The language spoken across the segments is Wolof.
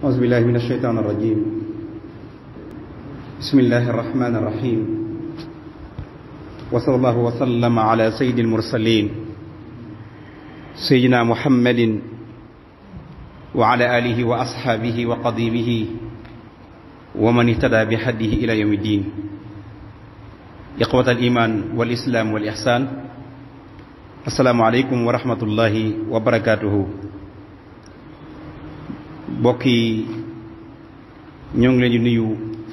أعوذ بالله من الشيطان الرجيم بسم الله الرحمن الرحيم وصلى الله وسلم على سيد المرسلين سيدنا محمد وعلى آله وأصحابه وقضيبه ومن اهتدى بحده إلى يوم الدين إخوة الإيمان والإسلام والإحسان السلام عليكم ورحمة الله وبركاته mbokk yi ñoo ngi leen di nuyu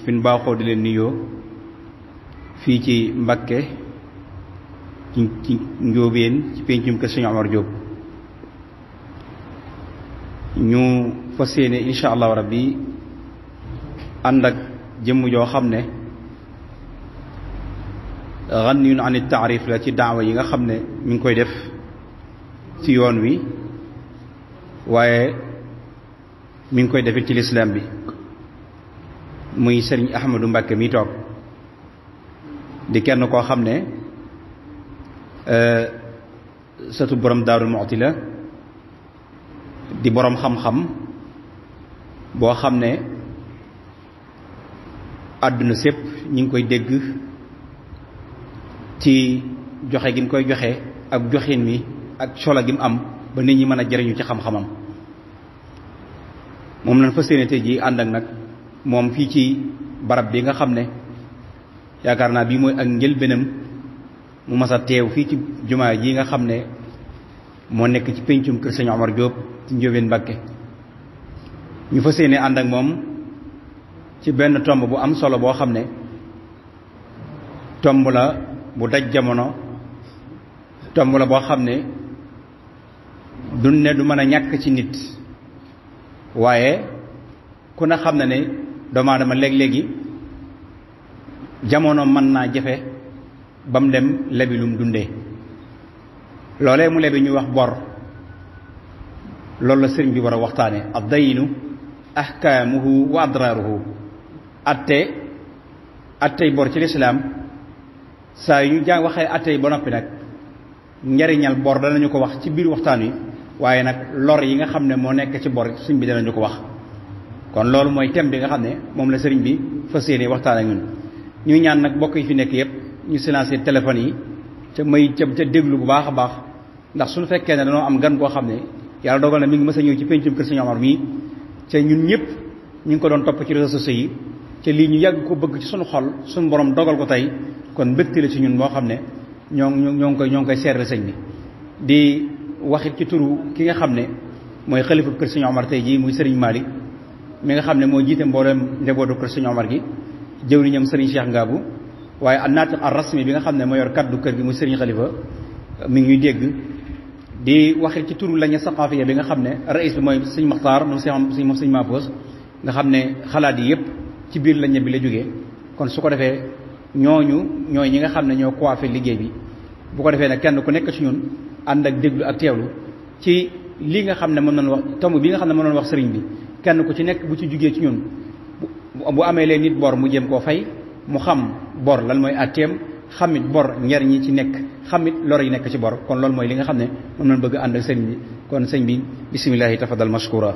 fi baaxoo di leen nuyoo fii ci Mbakke ci ci Njóobeen ci pencum kër Sëriñ Omar ñu fas yéene incha allahu rabbi ànd ak jëmm joo xam ne ganniyun ani taarif la ci daawa yi nga xam ne mi ngi koy def ci yoon wi waaye mi ngi koy defit ci lislaam bi muy sëriñ Ahmadou Mbàkke mi toog di kenn koo xam ne euh, sëtu borom Daaru Muxti la di borom xam-xam boo xam ne àdduna sépp ñu ngi koy dégg ci joxe gi mu koy joxe ak joxin mi ak solo gi mu am ba nit ñi mën a jëriñu ci xam-xamam moom lañ fa yéene ji jii ànd ak nag moom fii ci barab bi nga xam ne yaakaar naa bii mooy ak njëlbéenam mu mas a teew fii ci jumaa ji nga xam ne moo nekk ci pencum kër sëñ Omar Diop ci Ndiobène Mbakke ñu fas yéene ànd ak moom ci benn tomb bu am solo boo xam ne tomb la bu daj jamono tomb la boo xam ne du ne du mën a ñàkk ci nit waaye ku ne xam na ne doomu aadama léeg-léegi jamono mën naa jafe ba mu dem lebi lum dundee loolee mu lebi ñuy wax bor loolu la sëriñ bi war a waxtaane ad dayinu ahkaamuhu wa adraaruhu atte attey bor ci lislaam saa yu ñu jàng waxee attey ba noppi nag njariñal bor danañu ko wax ci biir waxtaan wi waaye nag lor yi nga xam ne moo nekk ci bor suñ bi danañu ko wax kon loolu mooy thème bi nga xam ne moom la sëriñ bi fas yéene waxtaan ak ñun ñuy ñaan nag mbokk yi fi nekk yëpp ñu silencé téléphone yi ca may ca ca déglu bu baax a baax ndax su suñu fekkee ne dañoo am gan koo xam ne yàlla dogal na mi ngi mës a ñëw ci pencum kër Sëriñ Omar mii ca ñun ñëpp ñu ngi ko doon topp ci réseaux sociaux yi te lii ñu yàgg ko bëgg ci suñu xol suñu borom dogal ko tey kon mbégte ci ñun moo xam ne ñoo ñoo ngi koy ñoo ngi koy seeral bi waxit ci turu ki nga xam ne mooy xalifa kër Sëñ Omar tey ji muy Serigne Malick mi nga xam ne moo jiite mboolem njabootu kër Sëñ Omar gi jëwriñam Serigne Cheikh Ngabou waaye al naatiq ar rasmi bi nga xam ne moo yor kaddu kër gi muy Serigne Khalifa mi ngi ñuy dégg di waxit ci turu lañu saqaafiya bi nga xam ne raïs bi mooy Sëñ Maxtaar moom Sëñ moom Sëñ Mafos nga xam ne xalaat yi yëpp ci biir lañu bi la jógee kon su ko defee ñooñu ñooy ñi nga xam ne ñoo coiffé liggéey bi bu ko defee ne kenn ku nekk ci ñun ànd ak déglu ak teewlu ci li nga xam ne mën nañu wax tomb bi nga xam ne mën nañu wax sëriñ bi kenn ku ci nekk bu ci jugee ci ñun bu amee leen nit bor mu jéem koo fay mu xam bor lan mooy àtteem xamit bor njariñ yi ci nekk xamit lor yi nekk ci bor kon loolu mooy li nga xam ne moom lañ bëgg ànd ak sëriñ bi kon sëñ bi bisimilahi tafadal mashkura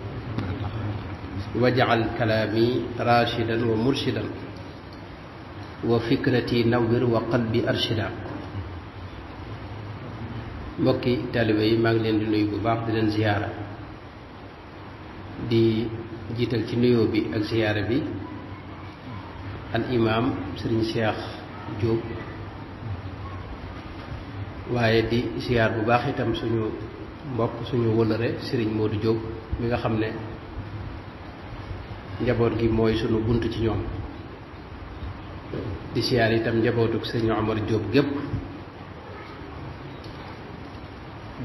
wajal kalaami raashidan wa murshidan wa fikrati nawwir wa qalbi arshida mbokki taalibe yi maa ngi leen di nuyu bu baax di leen ziyaara di jiital ci nuyoo bi ak ziyaara bi al imaam sëriñ Seex Jóob waaye di ziyaar bu baax itam suñu mbokk suñu wëlëre sëriñ Moodu Jóob mi nga xam ne njaboot gi mooy sunu bunt ci ñoom di siyaar itam njabootuk sëñ amar Diop gépp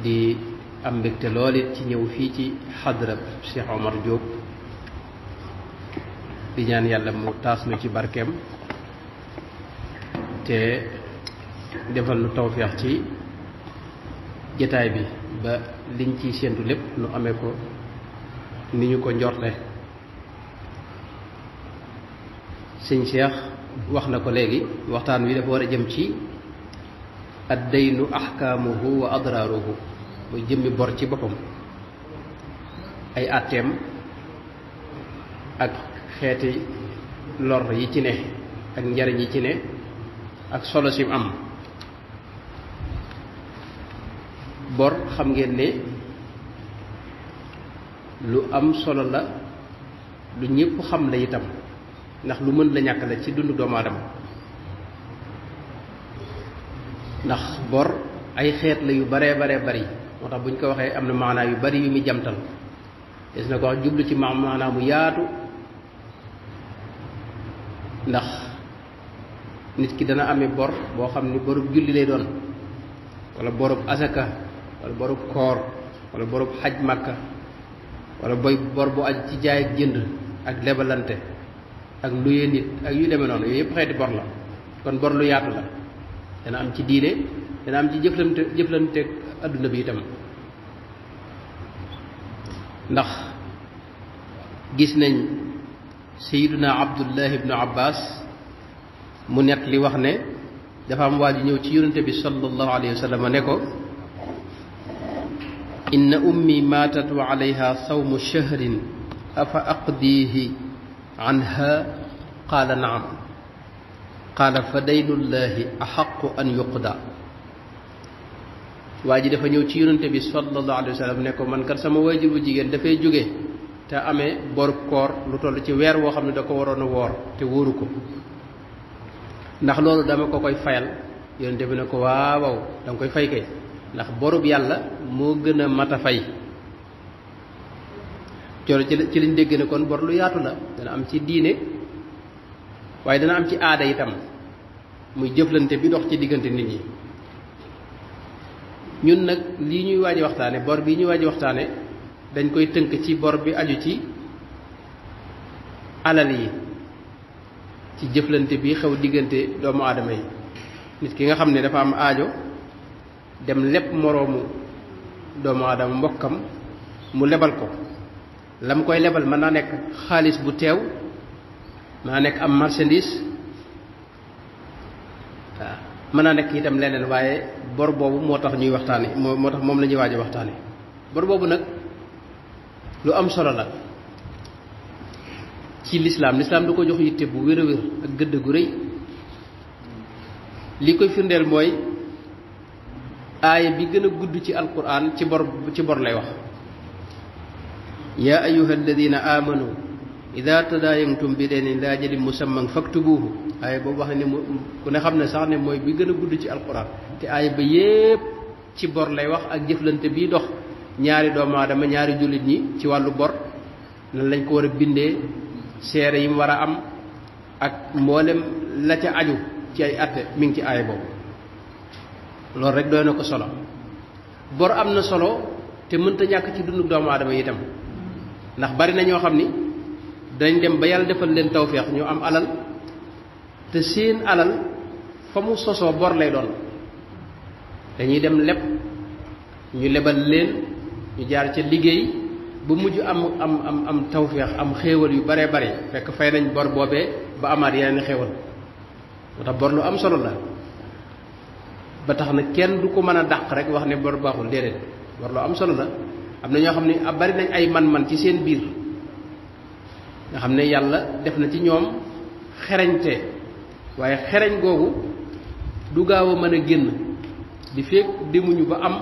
di am mbégte lool it ci ñëw fii ci xadrab Cheikh Omar Diop di ñaan yàlla mu taas nu ci barkeem te defal nu tawfeex ci jataay bi ba liñ ciy lépp nu amee ko ni ñu ko sëñ Cheikh wax na ko léegi waxtaan wi dafa war a jëm ci addaynu ahkaamuhu wa adraaruhu muy jëmmi bor ci boppam ay àtteem ak xeeti lor yi ci ne ak njariñ yi ci ne ak solo sim am bor xam ngeen ne lu am solo la lu ñëpp xam la itam ndax lu mën la ñàkk la ci dund doomu aadama ndax bor ay xeet la yu baree baree bari moo tax bu ñu ko waxee am na maanaa yu bari yu muy jamtal des na ko wax jublu ci maanaa mu yaatu ndax nit ki dana ame bor boo xam ni borub julli lay doon wala borub asaka wala borub koor wala borub xaj màkka wala boy bor bu aj ci jaay jënd ak lebalante ak luye nit ak yu démé non yëpp xéti bor la kon bor lu yaatu la dana am ci diine dana am ci jëflante jëflante aduna bi itam ndax gis nañ sayyiduna abdullah ibn abbas mu net li wax ne dafa am waji ñëw ci yoonte bi sallallahu alayhi wasallam ne ko إن أمي ماتت wa صوم شهر shahrin anha qaala naam qaala fa a axaqu an yuqda waa ji dafa ñëw ci yonante bi sallallahu alayhi wa sallam ne ko man kat sama waajur bu jigéen dafay jóge te amee bor koor lu toll ci weer woo xam ne da ko waroon a woor te wóoru ko ndax loolu dama ko koy fayal yonante bi ne ko waawaw da koy fay kay ndax borub yàlla moo gën a mat a fay coro ci lañ dégg ne kon bor lu yaatu la dana am ci diine waaye dana am ci aada itam muy jëflante bi dox ci diggante nit ñi ñun nag lii ñuy waaj waxtaane bor bi ñuy waaj waxtaane dañ koy tënk ci bor bi aju ci alal yi ci jëflante bi xew diggante doomu aadama yi nit ki nga xam ne dafa am aajo dem lépp moroomu doomu aadama mbokkam mu lebal ko la mu koy lebal mën naa nekk xaalis bu teew mën naa nekk am marchandise waaw mën naa nekk itam leneen waaye bor boobu moo tax ñuy waxtaane moo moo tax moom la ñuy waaj waxtaane bor boobu nag lu am solo la ci lislaam lislaam du ko jox yitte bu wér a wér ak gëdd gu rëy li koy firndeel mooy aaya bi gën a gudd ci alquran ci bor ci bor lay wax يا أيها الذين آمنوا إذا تداينتم بدين إلى أجل مسمى فاكتبوه aaya boobu wax ni mu ku ne xam ne sax ne mooy bi gën a gudd ci alquran te aaya ba yépp ci bor lay wax ak jëflante bii dox ñaari doomu aadama ñaari jullit ñi ci wàllu bor nan lañ ko war a bindee seere yi mu war a am ak mboolem la ca aju ci ay atte mi ngi ci aaya boobu loolu rek doy na ko solo bor am na solo te mënta ñàkk ci dundu doomu aadama itam ndax bari na ñoo xam ni dañ dem ba yàlla defal leen tawféex ñu am alal te seen alal fa mu sosoo bor lay doon dañuy dem leb ñu lebal leen ñu jaar ca liggéey mujj am am am am tawféex am xéewal yu bare bare fekk fay nañ bor boobee ba amaat yeneen xéewal moo tax bor lu am solo la ba tax na kenn du ko mën a dàq rek wax ne bor baaxul déedéet bor lu am solo la am na ñoo xam ne bari nañ ay man-man ci seen biir nga xam ne yàlla def na ci ñoom xereñte waaye xereñ googu du gaaw a mën a génn di fekk demuñu ba am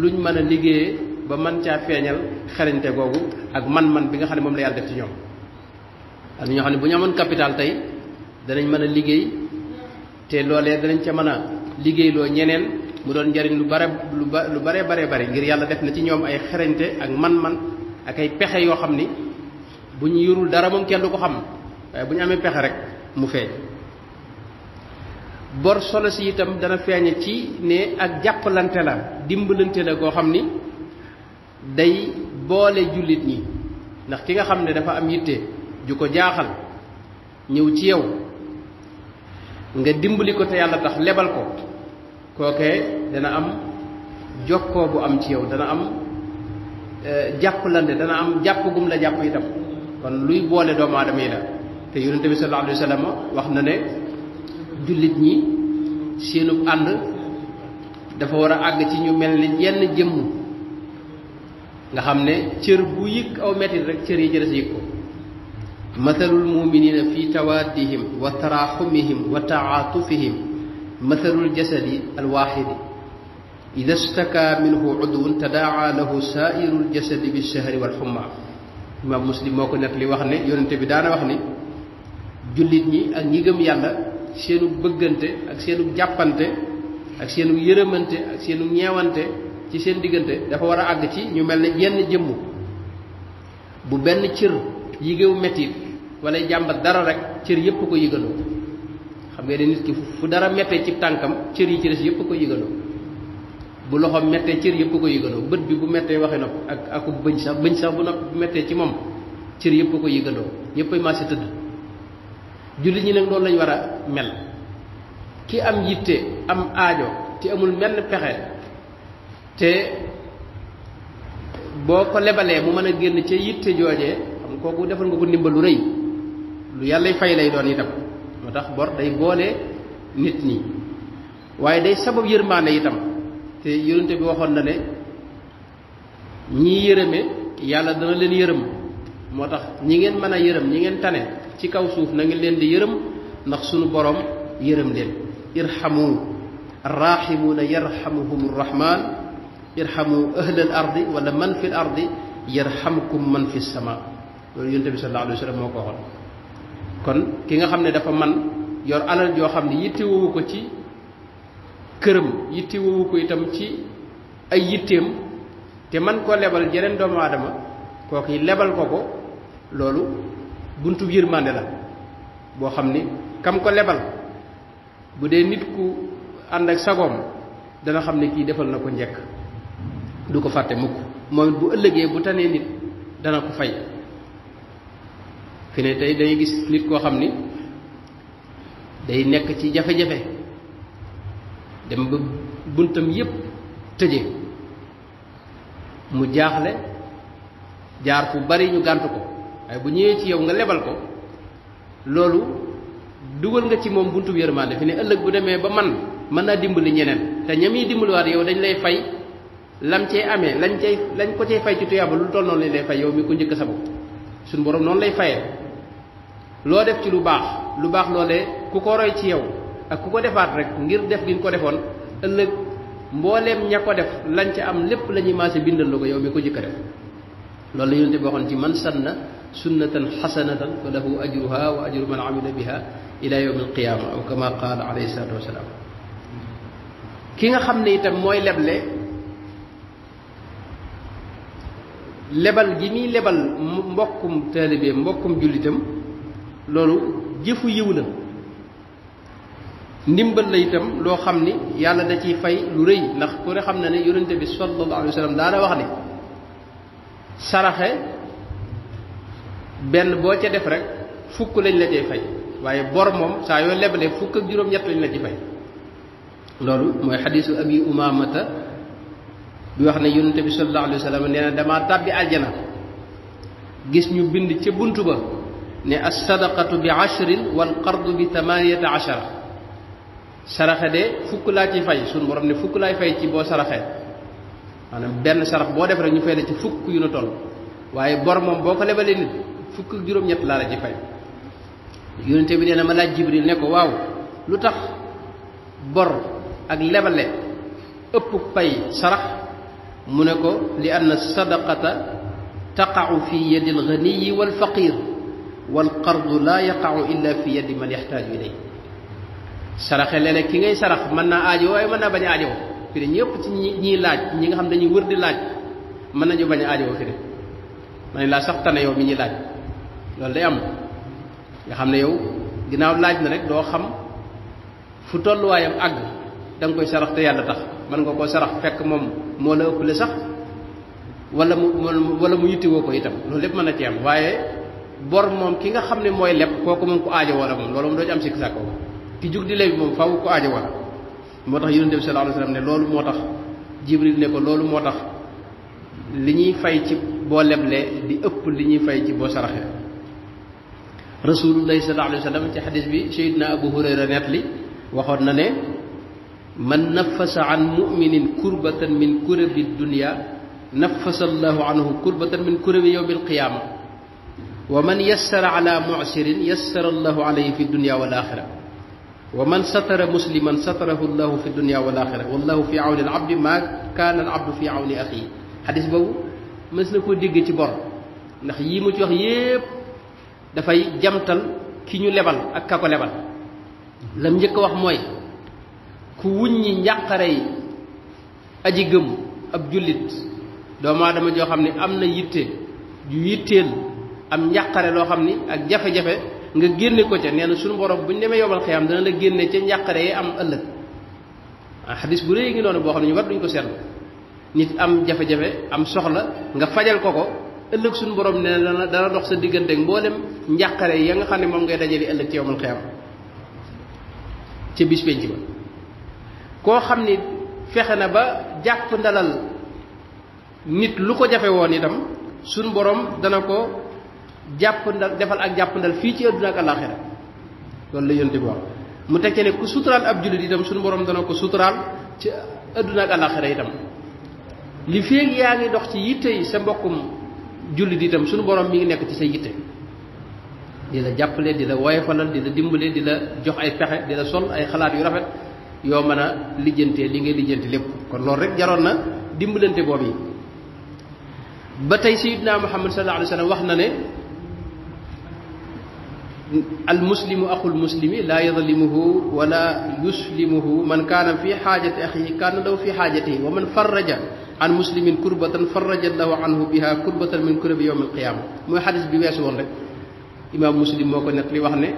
luñ mën a liggéeyee ba mën caa feeñal xereñte googu ak man-man bi nga xam ne moom la yàlla def ci ñoom am na ñoo xam ne bu ñu amoon capital tey danañ mën a liggéey te loolee danañ ca mën a liggéeyloo ñeneen mu doon njariñ lu bare lu ba lu bare bare ngir yàlla def na ci ñoom ay xerañte ak man-man ak ay pexe yoo xam ni bu ñu yurul dara moom kenn du ko xam waaye bu ñu amee pexe rek mu feeñ bor solo si itam dana feeñe ci ne ak jàppalante la dimbalante la koo xam ni day boole jullit ñi ndax ki nga xam ne dafa am yitte ju ko jaaxal ñëw ci yow nga dimbali ko te yàlla tax lebal ko kookee dana am jokkoo bu am ci yow dana am e, jàppalante dana am jàpp gum la jàpp itam kon luy boole doomu aadama yi la te yonente bi sallallahu alayhi wax na ne jullit ñi seenub ànd dafa war a àgg ci ñu mel ni yenn jëmm nga xam ne cër bu yëg aw mettit rek cër yi jërës yëg ko mathalul muminina fi tawaddihim wa taraxumihim wa taatufihim mathalul jasadi alwaaxidi ida staka minhu udwun tadaaca lahu saairul jasadi bilchahri walxumma imaam muslim moo ko net li wax ne yonente bi daana wax ni jullit ñi ak ñi gëm yàlla seenu bëggante ak seenu jàppante ak seenu yërëmante ak seenu ñeewante ci seen diggante dafa war a àgg ci ñu mel ne jenn jëmm bu benn cër yigéew metit wala jàmbat dara rekk cër yépp ko yëgandoo xam nga ne nit ki fu dara mettee ci tànkam cër yi ci des yëpp ko yëgandoo bu loxo mettee cër yëpp ko yëgandoo bët bi bu mettee waxe nopp ak ak bëñ sax bëñ sax bu nopp bu mettee ci moom cër yëpp ko yëgandoo ñëpp ay maase tëdd jullit ñi ne loolu lañu war a mel ki am yitte am aajo ci amul menn pexe te boo ko lebalee mu mën a génn ca yitte joojee xam kooku defal nga ko ndimbalu lu rëy lu yàlla fay lay doon itam motax bor day bolé nit ñi waye day sabab yermane itam te yoonte bi waxon na ne ñi yërëme yàlla dana leen yërëm motax ñi ngeen mëna a yërëm ñi ngeen tane ci kaw suuf na ngeen leen di yërëm ndax sunu borom yërëm leen irhamu الراحمون يرحمهم الرحمن irhamu اهل الارض ولا من في الارض يرحمكم من في السماء يونس sama loolu yonente bi sallallahu alayhi kon ki nga xam ne dafa man yor alal joo xam ne yittewowu ko ci këram yittewowu ko itam ci ay yitteem te man koo lebal jeneen doomu aadama kooku lebal ko ko loolu buntu yërmande la boo xam ne kam ko lebal bu dee nit ku ànd ak sagoom dana xam ne kii defal na ko njëkk du ko fàtte mukk moom bu ëllëgee bu tanee nit dana ko fay fi ne tey day gis nit koo xam ni day nekk ci jafe-jafe dem ba buntam yépp tëje mu jaaxle jaar fu bari ñu gànt ko waaye bu ñëwee ci yow nga lebal ko loolu dugal nga ci moom buntu yërmande fi ne ëllëg bu demee ba man mën naa dimbali ñeneen te ñam yi dimbaliwaat yow dañ lay fay lam cee amee lañ cay lañ ko fay ci tuyaaba lu toll noonu lay fay yow mi ko njëkk sa bopp suñ borom noonu lay fayee loo def ci lu baax lu baax loolee ku ko roy ci yow ak ku ko defaat rek ngir def gi nga ko defoon ëllëg mbooleem ña ko def lañ ca am lépp la ñuy maase bindal la ko yow mi ko jëkk a def loolu la yonent bi waxoon ci man sanna sunnatan xasanatan fa lahu ajruha wa ajru man amila biha ila yawmi alqiyaama aw kama qaala alayhi salaatu wasalaam ki nga xam ne itam mooy leble lebal gi muy lebal mbokkum taalibe mbokkum jullitam loolu jëfu yiw la ndimbal la itam loo xam ni yàlla da ciy fay lu rëy ndax ku ne xam na ne yonente bi sallallahu alayhi wax ne saraxe benn boo ca def rek fukk lañ la cay fay waaye bor moom saa yoo lebalee fukk ak juróom-ñett lañ la ci fay loolu mooy xadiisu abi umaamata bi wax ne yonente bi sallallahu alayhi wa sallam nee na damaa tàbbi aljana gis ñu bind ca bunt ba ne as-sadaqatu bi ashrin wal qardu bi thamaniyata ashara saraxe de fukk la ci fay sun borom ne fukk lay fay ci bo saraxé manam benn sarax bo def rek ñu fay la ci fukk yu na toll waye bor mom boko lebalé nit fukk ak juroom ñet la la ci fay yoonte bi néna ma la jibril ne ko waw lutax bor ak lebale ëpp fay sarax mu ne ko li anna sadaqata taqa'u fi yadil ghani wal faqir wal qardu la yaqa'u illa fi yadi man yahtaju ilayhi saraxe lele ki ngay sarax mën naa aajo waaye mën naa bañ aajo fi de ñëpp ci ñi laaj ñi nga xam dañuy wër di laaj mën nañu bañ aajo fi de man laa sax tane yow mi ñuy laaj loolu day am nga xam ne yow ginnaaw laaj na rek doo xam fu tolluwaayam àgg da nga koy sarax te yàlla tax mën nga koo sarax fekk moom moo la ëppale sax wala mu wala mu yittewoo ko itam loolu lépp mën na ci am waaye bor moom ki nga xam ne mooy leb kooku moom ku aajo wala moom loolu moom doo ci am sikk sàkko ki jug di leb moom faw ku aajo wala moo tax yonente bi sallallahu alayhi wasallam ne loolu moo tax jibril ne ko loolu moo tax li ñuy fay ci boo leble di ëpp li ñuy fay ci boo saraxe rasulullahi sallallahu alayhi wasallam ci xadis bi sayidna abu hurayra net li waxoon na ne man nafasa an muminin kurbatan min kurabi dunya nafasa allahu anhu kurbatan min kurabi yawmi alqiyama ومن يسر على معسر يسر الله عليه في الدنيا والاخره ومن ستر مسلما ستره الله في الدنيا والاخره والله في عون العبد ما كان العبد في عون اخيه حديث بو مسنكو ديغ تي بور نخ يي موتي وخ ييب دا فاي جامتال كي ني ليبال اك كاكو ليبال لم نيك وخ موي كو وني نياخاري اجي گم اب جوليت دوما دما جو خامني امنا يتي يو يتيل am njàqare loo xam ni ak jafe-jafe nga génne ko ca nee na suñu borom bu ñu demee yobal xiyaam dana la génne ca njàqare yi am ëllëg ah xadis bu rëy ngi noonu boo xam ne ñu war duñ ko seetlu nit am jafe am soxla nga fajal ko ko ëllëg suñu borom nee na dana dox sa diggante ak mboolem njàqare ya nga xam ne moom ngay dajale ëllëg ci yobal xiyaam ca bis penc ba koo xam ni fexe na ba jàpp ndalal nit lu ko jafe woon itam suñu boroom dana ko. jàppandal defal ak jàppandal fii ci àdduna ak àllaaxira loolu la yonent bi wax mu tekkee ne ku suturaal ab jullit itam suñu borom dana ko suturaal ci àdduna ak àllaaxira itam li feeg yaa ngi dox ci yitte yi sa mbokkum jullit itam suñu borom mi ngi nekk ci sa yitte di la jàppale di la woyofalal di la dimbale di la jox ay pexe di la sol ay xalaat yu rafet yoo mën a lijjantee li ngay lijjanti lépp kon loolu rek jaroon na dimbalante boobu yi ba tey sayyidna Muhammad sallallahu alayhi wa sallam wax na ne المسلم أخو المسلم لا يظلمه ولا يسلمه من كان في حاجة أخيه كان له في حاجته ومن فرج عن مسلم كربة فرج الله عنه بها كربة من كرب يوم القيامة ما حدث بيواس والله إمام مسلم ما كان يقلي وحنه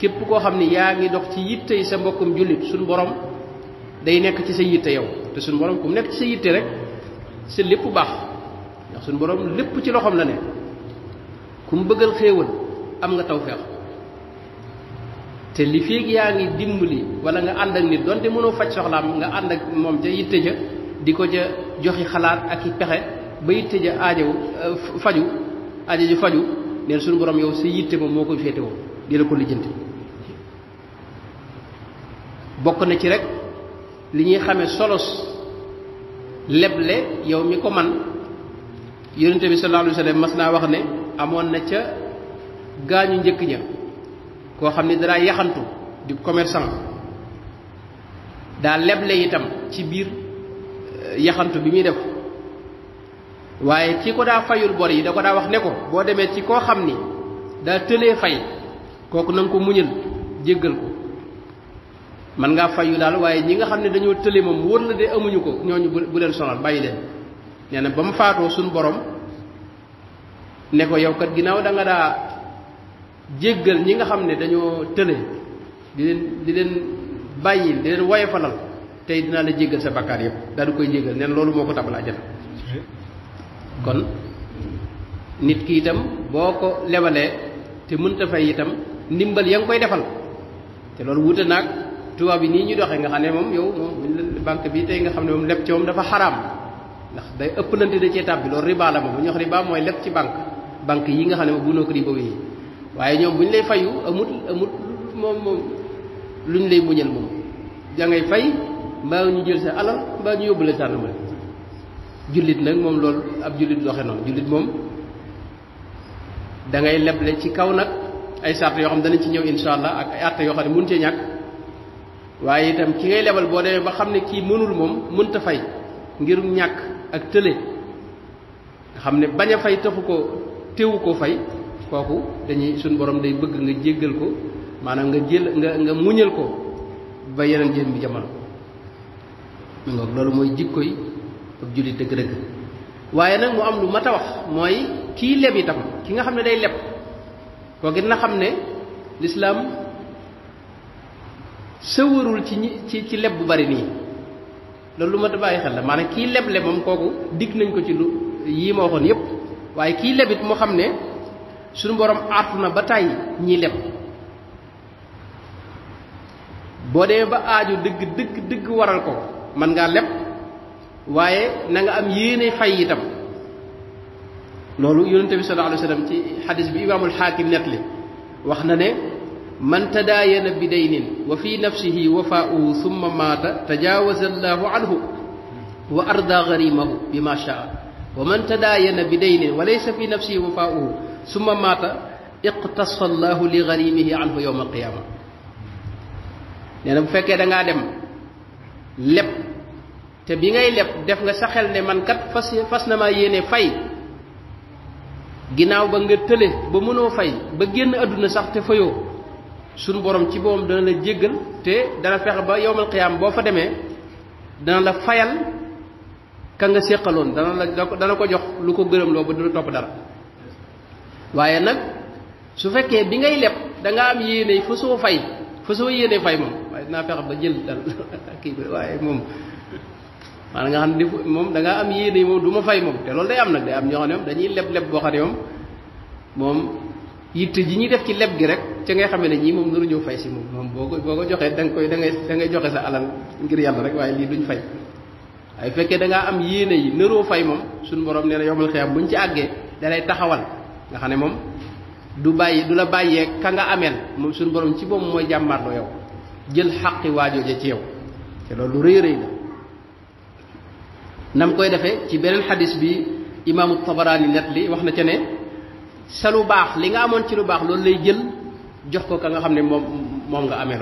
كيف كو خمني ياغي دوخ سي ييتاي سا مبوكم جوليت سون بوروم داي نيك سي سي ييتاي ياو تي سون بوروم كوم نيك سي ييتاي رك سي ليپ باخ سون بوروم ليپ سي لوخوم لا نيك كوم بغل خيوول امغا توفيق te li feeg yaa ngi dimbali wala nga ànd ak nit donte mënoo faj soxlaam nga ànd ak moom ca yitte ja di ko ja joxi xalaat ak i pexe ba yitte ja aajow euh, faju aajo ju faju neen suñu borom yow si yitte moom moo ko féetewoo di la ko lijjanti bokk na ci rek li ñuy xamee solos leble yow mi ko man yonente bi sallallahu alayhi wa mas naa wax ne amoon na ca gaañu njëkk ña koo xam ni danaa yaxantu di commercant daa leble itam ci biir euh, yaxantu bi muy def waaye ki ko daa fayul bor yi da ko daa wax ne ko boo demee ci koo xam ni daa tële fay kooku na ko muñal jéggal ko man ngaa fayu daal waaye ñi nga xam ne dañoo tële moom wóor la de amuñu ko ñooñu bu leen sonal bàyyi leen nee na ba mu faatoo suñu borom ne ko yow kat ginnaaw da daa jéggal ñi nga xam ne dañoo tële di leen di leen bàyyil di leen woyofalal tey dinaa la jéggal sa bakkaar yëpp daal di koy jéggal neen loolu moo ko tabal àjjana kon nit ki itam boo ko lebalee te mënta fay itam ndimbal ya nga koy defal te loolu wuute naag tubaab yi nii ñuy doxee nga xam ne moom yow moom banque bi tey nga xam ne moom leb ci moom dafa xaraam ndax day ëpp lante da cee tàbbi loolu riba la moom bu ñu wax mooy leb ci banque banque yi nga xam ne moom bu noo ko yi waaye ñoom bu ñu lay fayu amut amut moom moom lu ñu lay muñal moom dangay ngay fay mbaa ñu jël sa alal mbaa ñu yóbbu la sàndarma jullit nag moom lool ab jullit doxe noonu jullit moom dangay ngay leble ci kaw nag ay sart yoo xam danañ ci ñëw insha allah ak ay àtte yoo xam ne mun cee ñàkk waaye itam ki ngay lebal boo demee ba xam ne kii mënul moom mënta fay ngir ñàkk ak tële nga xam ne bañ a fay taxu ko teewu koo fay kooku dañuy suñ borom day bëgg nga jéggal ko maanaam nga jël nga nga muñal ko ba yeneen jëm bi jamono mu loolu mooy jikko yi ak jullit dëgg-dëgg waaye nag mu am lu mat a wax mooy kii leb itam ki nga xam ne day leb kooku na xam ne lislaam sëwarul ci ñi ci ci leb bu bari nii loolu mat a bàyyi xel la maanaam kii leb lebam kooku digg nañ ko ci lu yii ma waxoon yépp waaye kii lebit moo xam ne suñu borom artu na ba tàyyi ñiy leb boo demee ba aaju dëgg dëgg dëgg waral ko mën ngaa leb waaye na nga am yéene fay itam loolu yonente bi sallallahu alayhi wa ci xadis bi imaamul xaakim net li wax na ne man tadaayana bi daynin wa fi nafsihi wafaa'uhu summa maata tajaawaza allahu anhu wa arda garimahu bi ma shaa ومن تداين بدين وليس في نفسه وفاؤه ثم مات iqtasa allahu li ganimihi anhu yowma alqiyama nee na bu fekkee da ngaa dem leb te bi ngay leb def nga sa xel ne man kat fas fas na maa yéene fay ginnaaw ba nga tële ba mënoo fay ba génn àdduna sax te fayoo sunu borom ci boom dana la jéggal te dana fexe ba yowmal qiyam boo fa demee dana la fayal ka nga séqaloon dana la da dana ko jox lu ko gërëm loo ba du topp dara waaye nag su fekkee bi ngay leb danga am yéene fa soo fay fa soo yéene fay moom waaye dinaa fexe ba jël dal waaye moom maanaam nga xam ne moom da ngaa am yéene moom du ma fay moom te loolu day am nag day am ñoo xam ne moom dañuy leb leb boo xam ne moom moom yitte ji ñuy def ci leb gi rek ca ngay xamee ne ñii moom naru ñëw fay si moom moom boo ko boo ko joxee da koy da ngay da ngay joxe sa alal ngir yàlla rek waaye lii duñ fay ay fekkee da am yéene yi nëroo fay moom suñu borom nee na yomal xiyam buñ ci àggee da lay taxawal nga xam ne moom du bàyyi du la bàyyee ka nga ameel moom suñu borom ci boom mooy jàmmarloo yow jël ci yow la nam koy defee ci beneen xadis bi imam tabaraani net li wax na ca ne sa lu baax li nga amoon ci lu baax loolu lay jël jox ko ka nga nga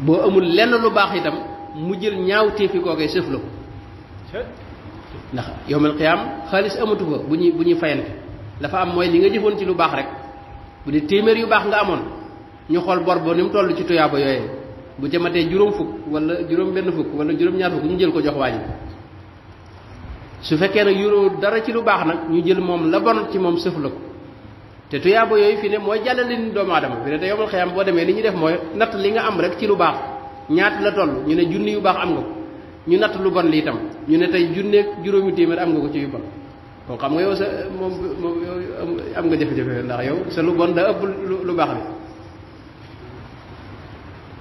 borom amul lenn lu baax itam mu jël ñaawteefi kookee sëf la ko ndax yowmal qiyam xaalis amatu fa bu ñuy bu ñuy fayante dafa am mooy li nga jëfoon ci lu baax rek bu dee téeméer yu baax nga amoon ñu xool bor ba ni mu toll ci tuyaaba yooyee bu jëmatee juróom fukk wala juróom benn fukk wala juróom ñaar fukk ñu jël ko jox waaji su fekkee nag yuroo dara ci lu baax nag ñu jël moom la bon ci moom sëf la ko te tuyaaba yooyu fi ne mooy jàllale ni doomu aadama fi ne te yowmal xiyam boo demee li ñu def mooy natt li nga am rek ci lu baax ñaat la toll ñu ne junni yu baax am nga ko ñu natt lu bon li itam ñu ne tey junneeg juróomi téeméer am nga ko ci yu bon kon xam nga yow sa moom moom am nga jafe-jafe ndax yow sa lu bon da ëpp lu baax bi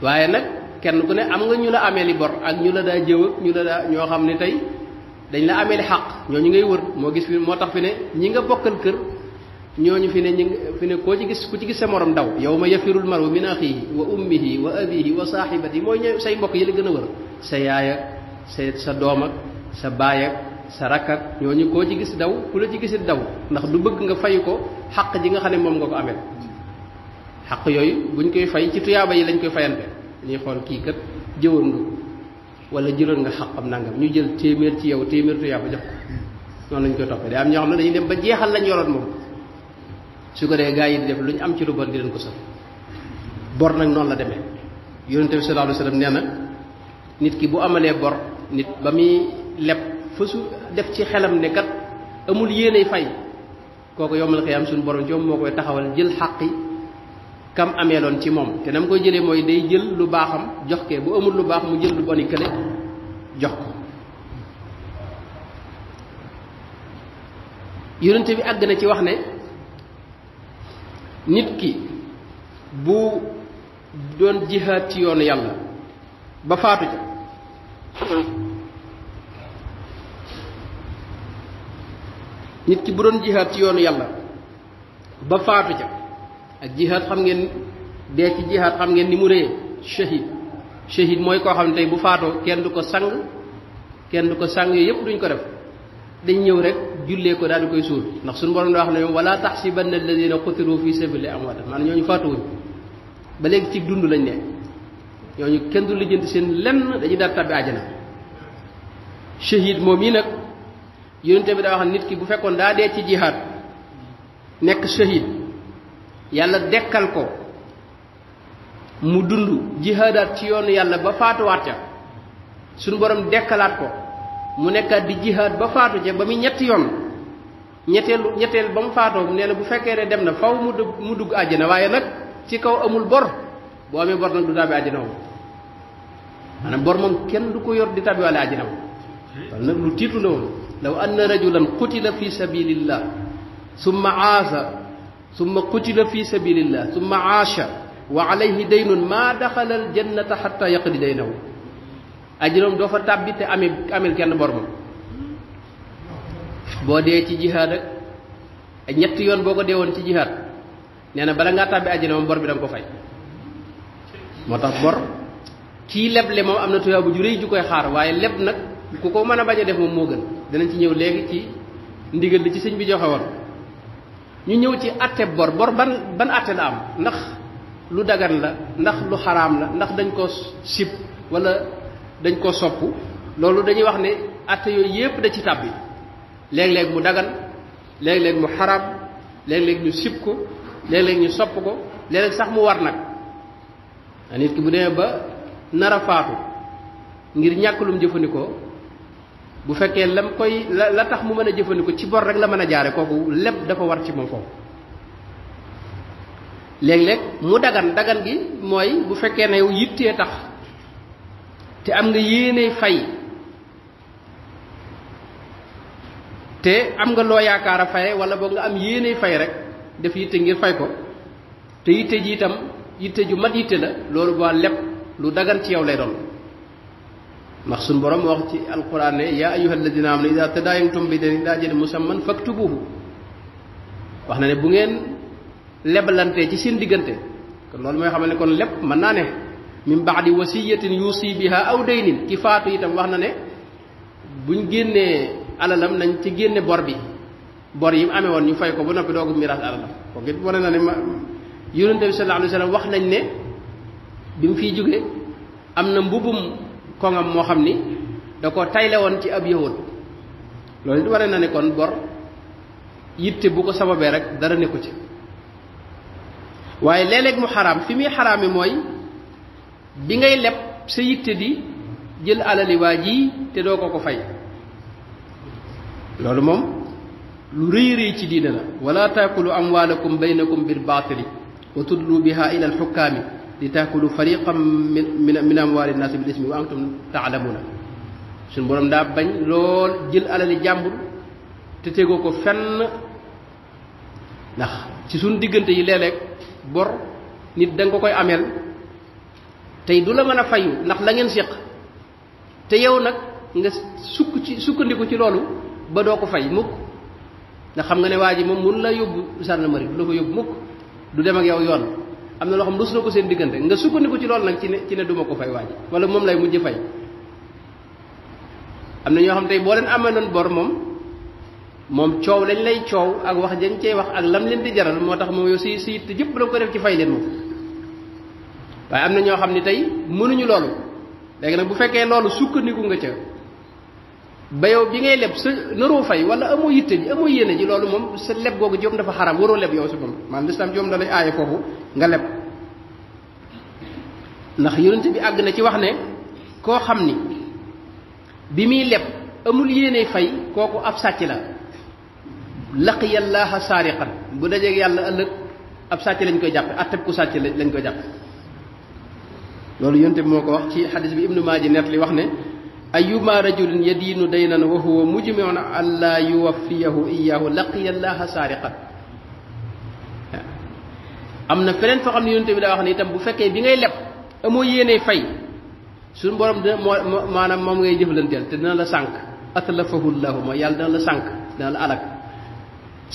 waaye nag kenn ku ne am nga ñu la amee li bor ak ñu la daa jëw ñu la daa ñoo xam ne tey dañ la amee li xàq ñoo ñu ngay wër moo gis fi moo tax fi ne ñi nga bokkal kër ñooñu fi ne ñu fi ne koo ci gis ku ci gis sa morom daw yow ma yafirul maru min axihi wa ummihi wa abihi wa sahibati. mooy ñooy say mbokk yi la gën a wër sa yaay ak sa sa doom ak sa baay ak sa rak ak ñooñu koo ci gis daw ku la ci gisit daw ndax du bëgg nga fay ko xaq ji nga xam ne moom nga ko amel xaq yooyu buñ koy fay ci tuyaaba yi lañ koy fayante dañuy xool kii kat jëwoon nga wala jëloon nga xaqam nangam ñu jël téeméer ci yow téeméer tuyaaba jox ko noonu lañ koy toppee day am ñoo xam ne dañuy dem ba jeexal lañ yoroon moom su ko dee gaa yi di def lu ñu am ci lu bon di leen ko sal bor nag noonu la demee yonente bi sallallahu alayhi wasallam nee na nit ki bu amalee bor nit ba muy leb fa def ci xelam ne amul yéenay fay kooku yombal suñu borom joom koy taxawal jël xàqi kam amee ci moom te na jëlee mooy day jël lu baaxam jox kee bu amul lu baax mu jël lu boni kële jox ko bi àgg na ci wax ne nit ki bu doon jixaat ci yoonu yàlla ba faatu ca nit ki bu doon ci yoonu yàlla ba faatu ca ak jihaad xam ngeen dee ci jihaad xam ngeen ni mu réyee shahid shahid mooy koo xam ne tey bu faatoo kenn du ko sang kenn du ko sang yooyu yëpp duñ ko def dañ ñëw rek jullee ko daal di koy suul ndax suñu borom da wax ne ñoom wala taxsibanna alladina qutilu fi sabili amwaatan man ñooñu faatuwuñ ba léegi ci dund lañ de ñooñu kenn du lijjanti seen lenn dañuy daal tabbi àjjana shahid moom yi nag yonente bi daa wax nit ki bu fekkoon daa dee ci jihaad nekk shahid yàlla dekkal ko mu dund jihaadaat ci yoon yàlla ba faatuwaat ca suñu borom dekkalaat ko mu nekkaat di jihaad ba faatu ca ba mu ñetti yoon ñetteelu ñetteel ba mu faatoo nee na bu fekkee ne dem na faw mu dugg mu dugg waaye nag ci kaw amul bor boo amee bor nag du tàbbi àjjana moom maanaam bor moom kenn du ko yor di tàbbiwaale àjjana moom wala nag lu tiitu la woon law anna rajulan qutila fi sabilillah summa aasa summa qutila fi sabilillah summa aasha wa alayhi daynun maa daxala di day yaqdi ajuróom doo fa tàbbi te amee amel kenn bor ba boo dee ci jihaad ak ñetti yoon boo ko dee woon ci jihaad nee na bala ngaa tàbbi àjjana bor bi da nga ko fay moo tax bor kii leble moom am na tuyaa bu ju ju koy xaar waaye leb nag ku ko mën a bañ a def moom moo gën danañ ci ñëw léegi ci ndigal li ci sëñ bi joxe woon ñu ñëw ci atte bor ban ban la am ndax lu dagan la ndax lu xaraam la ndax dañ ko sib wala dañ ko sopp loolu dañuy wax ne atte yooyu yépp da ci tàbbi léeg-léeg mu dagan léeg-léeg mu xaram léeg-léeg ñu sib ko léeg-léeg ñu sopp ko léeg sax mu war nag nit ki bu demee ba nar a faatu ngir ñàkk lum jëfandikoo bu fekkee lam koy la la tax mu mën a jëfandikoo ci bor rek la mën a jaare kooku lépp dafa war ci moom foofu léeg-léeg mu dagan dagan gi mooy bu fekkee ne yow yittee tax te am nga yéene fay te am nga loo yaakaar a faye wala boog nga am yéene fay rek def yitte ngir fay ko te yitte ji itam yitte ju mat yitte la loolu boo lépp lu dagan ci yow lay doon ndax suñ borom wax ci alquran ne yaa ayuha alladina amanu ida tadaayamtum bi dayn ila ajalin musamman faktubuhu wax na ne bu ngeen lebalantee ci seen diggante kon loolu mooy xamal ne kon lépp mën naa ne min baadi wasiyatin yuusi biha aw daynin ki faatu itam wax na ne buñ génnee alalam nañ ci génne bor bi bor yi mu amee woon ñu fay ko ba noppi doogu miraas alalam kooku it wane na ne ma yonente bi sallallahu alayhi wa wax nañ ne bi mu fiy jóge am na mbubum koŋam moo xam ni da ko tayle woon ci ab yëwoon loolu it wane na ne kon bor yitte bu ko sababee rek dara nekku ci waaye léeg-léeg mu xaraam fi muy xaraami mooy bi ngay leb sa yitte di jël alali waa ji te doo ko ko fay loolu moom lu rëy rëy ci diina la wala taakulu amwaalakum baynakum bil baatili wa tudlu biha ila alxukkaami li taakulu fariqan min min amwaali nnaasi bil ismi wa antum taalamuuna suñ boroom daa bañ lool jël alali jàmbur te tegoo ko fenn ndax ci suñ diggante yi léeg bor nit da ko koy ameel tey du la mën a fayu ndax la ngeen séq te yow nag nga sukk ci sukkandiku ci loolu ba doo ko fay mukk ndax xam nga ne waa ji moom mun la yóbbu gendarmerie du la fa yóbbu mukk du dem ak yow yoon am na loo xam rus na ko seen diggante nga sukkandiku ci loolu nag ci ne ci ne duma ko fay waa ji wala moom lay mujj fay am na ñoo xam tey boo leen amaloon bor moom moom coow lañ lay coow ak wax jañ cey wax ak lam leen di jaral moo tax moom yow si si te jëpp da ko def ci fay leen moom waaye am na ñoo xam ne tey mënuñu loolu léegi nag bu fekkee loolu sukkandiku nga ca ba yow bi ngay leb sa naroo fay wala amoo yitte ji amoo yéene ji loolu moom sa leb googu jom dafa xaram waroo leb yow si moom maanaam lislaam jom da lay aaye foofu nga leb ndax yonent bi àgg na ci wax ne koo xam ni bi muy leb amul yéene fay kooku ab sàcc la laqiya llaaha saariqan bu dajee yàlla ëllëg ab sàcc lañ koy jàpp atteb ku sàcc lañ koy jàpp loolu yonte bi moo ko wax ci xadis bi ibnu maaji nett li wax ne ayuma rajulin yadiinu daynan wa huwa mujmiun an laa yuwaffiyahu iyaahu laqiya llaha saariqan am na feneen foo xam ne yonte bi daa wax ne itam bu fekkee bi ngay leb amoo yéene fay suñu borom dina moo maanaam moom ngay jëflanteel te dina la sànq atlafahu llahu mooy yàlla dina la sànq dina la alak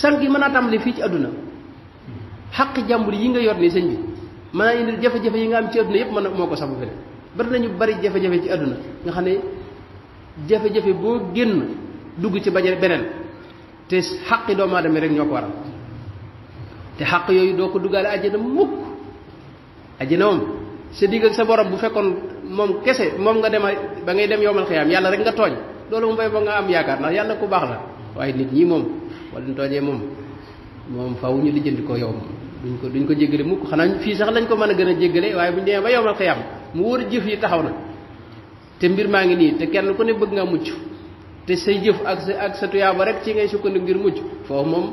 sànq yi mën naa tàmbali fii ci àdduna xaq jàmbur yi nga yor nii sëñ bi mën naa indil jafe-jafe yi nga am ci àdduna yëpp mën moo ko sabu fere bari nañu bari jafe-jafe ci àdduna nga xam ne jafe-jafe boo génn dugg ci baje beneen te xaqi doomu aadama rek ñoo ko waral te xaq yooyu doo ko duggaale àjjana mukk àjjana moom sa digg ak sa borom bu fekkoon moom kese moom nga dem ba ngay dem yowmal xiyaam yàlla rek nga tooñ loolu mu bay ba nga am yaakaar ndax yàlla ku baax la waaye nit ñi moom wala tooñee moom moom faw ñu lijjanti yow duñ ko duñ ko jéggale mukk xanaa fii sax lañ ko mën a gën a jéggale waaye buñ demee ba yowmal xiyam mu wóor jëf yi taxaw na te mbir maa ngi nii te kenn ku ne bëgg nga mucc te say jëf ak sa ak sa tuyaaba rek ci ngay sukkandiku ngir mucc foofu moom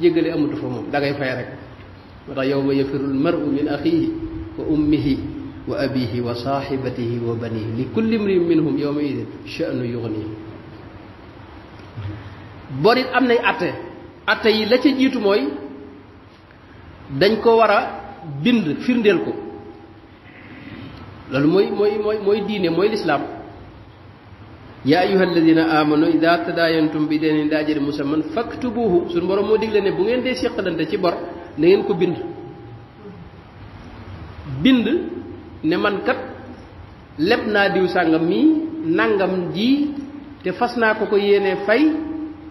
jéggale amatu fa moom da ngay fay rek moo tax yow ma yafiru lmaru min axihi wa ummihi wa abihi wa saaxibatihi wa banihi li kulli mriin minhum yowma idin chanu yugni borit am nay atte atte yi la ca jiitu mooy dañ ko war a bind firndeel ko loolu mooy mooy mooy mooy diine mooy lislaam yaa ayuha alladina amanu ida tadaayantum bi deenin daa jëri musamman faktubuhu suñu borom moo digle ne bu ngeen dee séqalante ci bor na ngeen ko bind bind ne man kat leb naa diw sàngam mi nangam ji te fas naa ko ko yéene fay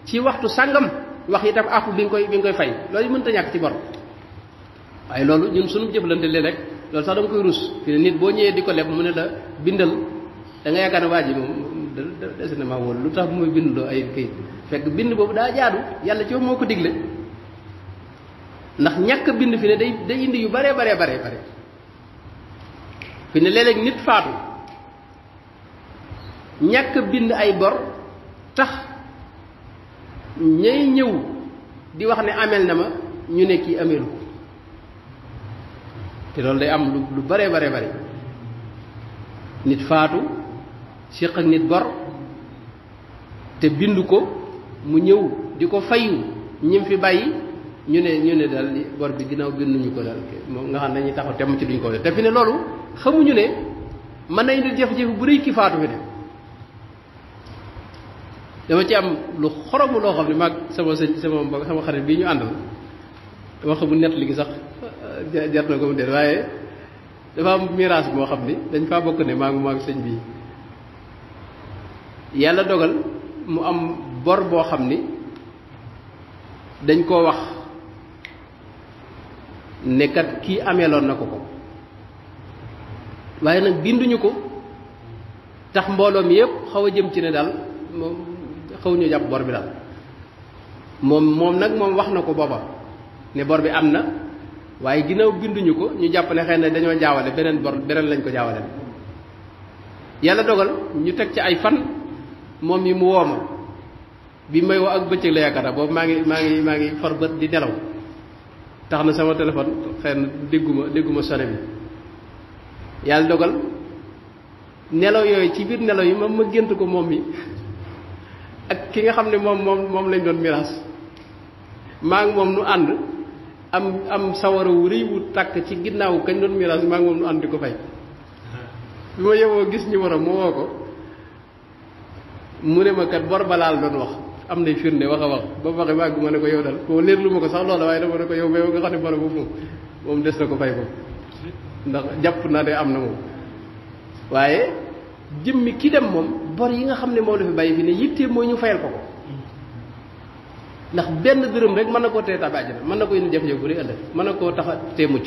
ci waxtu sàngam wax yi àqu ah, bi bi nga koy fay loolu mënta ñàkk ci bor waaye loolu ñun suñu jëflante léeg rek loolu sax dama koy rus fi ne nit boo ñëwee di ko leb mu ne la bindal da nga yaakaar ne waa ji moom des na maa wóor lu tax muy bindloo ay këyit fekk bind boobu daa jaadu yàlla ci moo ko digle ndax ñàkk bind fi ne day indi yu baree baree baree bare fi ne léeg-léeg nit faatu ñàkk bind ay bor tax ñay ñëw di wax ne amel na ma ñu ne kii ameelu te loolu day am lu lu bare bare bari nit faatu séq ak nit bor te bind ko mu ñëw di ko fayu ñim fi bàyyi ñu ne ñu ne daal bor bi ginnaaw binduñu ko daal moom nga xam ne dañuy taxaw temm ci duñ ko def te fi ne loolu xamuñu ne mën nañ di jafe-jafe bu rëy ki faatu fi ne dama ci am lu xoromu loo xam ne maag sama sëñ sama mbokk sama xarit bii ñu àndal dama xamul net li sax jar na ko mu déet waaye dafa am miraas moo xam ni dañ faa bokk ne maa ngi maa ngi sëñ bi yàlla dogal mu am bor boo xam ni dañ koo wax nekkat kat kii ameeloon na ko ko waaye nag binduñu ko tax mbooloo mi yépp xaw a jëm ci ne daal moom xaw jàpp bor bi daal moom moom nag moom wax na ko booba ne bor bi am na waaye ginnaaw binduñu ko ñu jàpp ne xëy na dañoo jaawale beneen bor beneen lañ ko jaawale yàlla dogal ñu teg ci ay fan moom yi mu wooma bi may woo ak bëccëg la yaakaar boobu maa ngi maa ngi maa ngi far bët di nelaw tax na sama téléphone xëy dégguma dégguma sone bi yàlla dogal nelaw yooyu ci biir nelaw yi moom ma gént ko moom mi ak ki nga xam ne moom moom moom lañ doon miraas maa ngi moom nu ànd am am sawara wu rëy wu tàkk ci ginnaaw kañ doon miraas maa ngi moom nu ànd di ko fay bi ma yeboo gis ñu war a ma woo ko mu ne ma kat bor balaal doon wax am nay firnde wax a wax ba waxe maa ne ko yow dal boo leer lu ma ko sax loola waaye dama ne ko yow mais nga xam ne bor boobu moom moom des na ko fay ko ndax jàpp naa de am na moom waaye mi kii dem moom bor yi nga xam ne moom la fi bàyyi fi ne yittee mooy ñu fayal ko ko ndax benn dërëm rek mën na koo tee tàbbi àjjana mën na ko nu jafe-jafe bu rëy ëllëg mën na koo tax tee mucc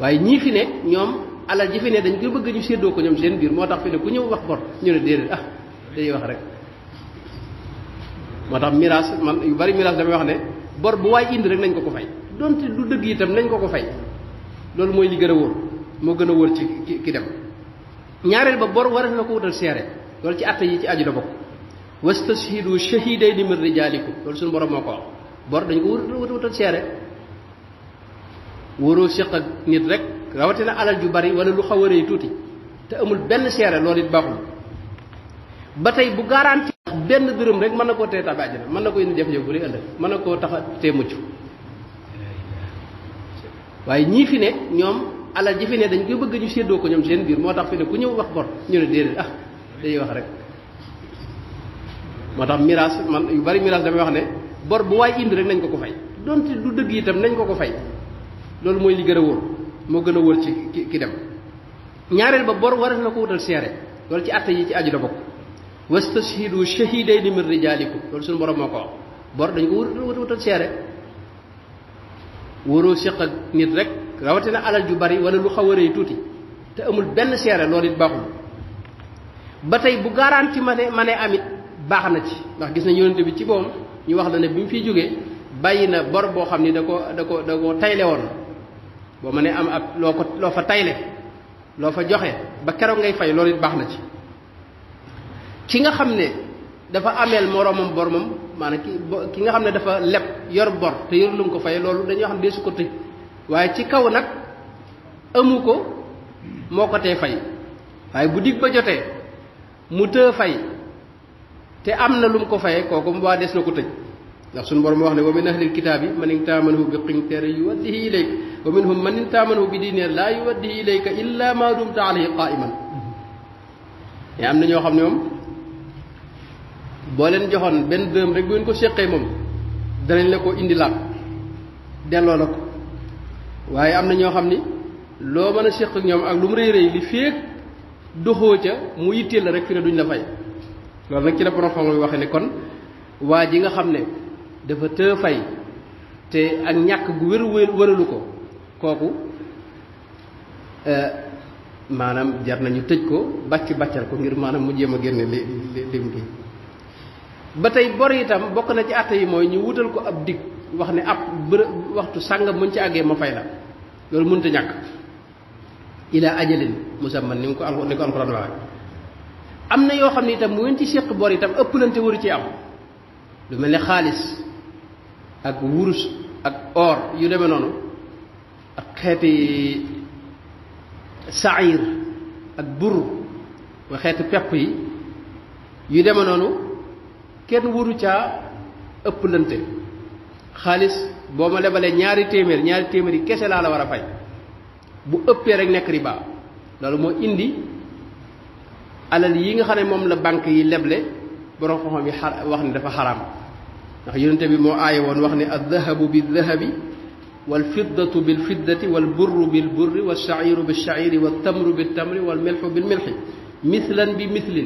waaye ñii fi ne ñoom alal ji fi ne dañ ko bëgg ñu seddoo ko ñoom seen biir moo tax fi ne ku ñëw wax bor ñu ne déedéet ah dañuy wax rek moo tax miraas man yu bari miraas damay wax ne bor bu waay indi rek nañ ko ko fay donte du dëgg itam nañ ko ko fay loolu mooy li gën a wóor moo gën a wóor ci ki dem ñaareel ba bor waral na ko wutal seere loolu ci àtte yi ci aju la wastashhidu shahidayni min rijalikum loolu suñu borom moo ko wax bor dañ ko wut wutal seere waroo séq ak nit rek rawatina alal ju bari wala lu xaw a rëy tuuti te amul benn seere loolu it baaxul ba tey bu garanti benn dërëm rek mën na koo tee tabi àjjana mën na ko indi jafe-jafe bu rëy ëllëg mën na koo tax a tee mucc waaye ñii fi ne ñoom alal ji fi ne dañ koy bëgg ñu séddoo ko ñoom seen biir moo tax fi ne ku ñëw wax bor ñu ne déedéet ah dañuy rek moo tax miraas man yu bari miraas damay wax ne bor bu waay indi rek nañ ko ko fay donte lu dëgg tam nañ ko ko fay loolu mooy li gën a wóor moo gën a wóor ci ki ki dem ñaareel ba bor wareef na ko seere loolu ci atte yi ci aju la bokk wastashhidu shahidayni min rijaalikum loolu suñu borom moo ko wax bor ko wutal wutal seere waroo séq ak nit rek rawatina alal yu bari wala lu xaw a tuuti te amul benn seere loolu it baaxul ba tey bu garanti ma ne ma ne amit baax na ci ndax gis na yonente bi ci boom ñu wax la ne bi mu fiy jógee bàyyi na bor boo xam ni da ko da ko da ko tayle woon boo ma ne am ab loo ko loo fa tayle loo fa joxe ba keroog ngay fay loolu it baax na ci ki nga xam ne dafa ameel moroomam bor moom maanaam ki ki nga xam ne dafa leb yor bor te yor lu ko fay loolu dañoo xam ne su ko tëj waaye ci kaw nag amu ko moo ko tee fay waaye bu digg ba jotee mu tëë fay te am na lu mu ko faye kooku mu baa des na ko tëj ndax suñu borom wax ne wa min ahlil kitaab yi man in taamanhu bi qinteere yuwaddihi ilayka wa minhum man in taamanhu bi dineer laa yuwaddihi ilayka illa ma dumta alayhi qaa'iman mais am na ñoo xam ne moom boo leen joxoon benn dërëm rek bu ngeen ko séqee moom danañ la ko indi laat delloo la ko waaye am na ñoo xam ni loo mën a séq ñoom ak lu mu rëy rëy li féeg doxoo ca mu yitteel la duñ la fay loolu nag ci la borom xam yi waxee ne kon waa ji nga xam ne dafa tëë fay te ak ñàkk gu wér wëralu ko kooku euh, maanaam jar nañu tëj ko bàcc bàccal ko ngir maanaam mu jéem a génne li lim gi ba tey bor itam bokk na ci àtte yi mooy ñu wutal ko ab dig wax ne ab bërë waxtu sàngam muñ ci àggee ma fay la loolu mënut a ñàkk ila ajalin musamman ni mu ko ni ko alxuraan waxee am na yoo xam ne itam mu ngeen ci séq bor itam ëppalante waru ci am lu mel ni xaalis ak wurus ak or yu demee noonu ak xeeti saayir ak buru wa xeeti pepp yi yu demee noonu kenn waru caa ëppalante xaalis boo ma lebalee ñaari téeméer ñaari téeméer yi kese laa la war a fay bu ëppee rek nekk riba loolu moo indi alal yi nga xamne mom la bank yi leble borom xam bi wax ni dafa haram ndax yoonte bi mo aaye won wax ni adh-dhahabu ne addahabu bildahabi walfiddatu bilfiddati walburru bilburri walshairu bilshairi waltamru biltamri walmilxu bilmilxi مثلا بمثل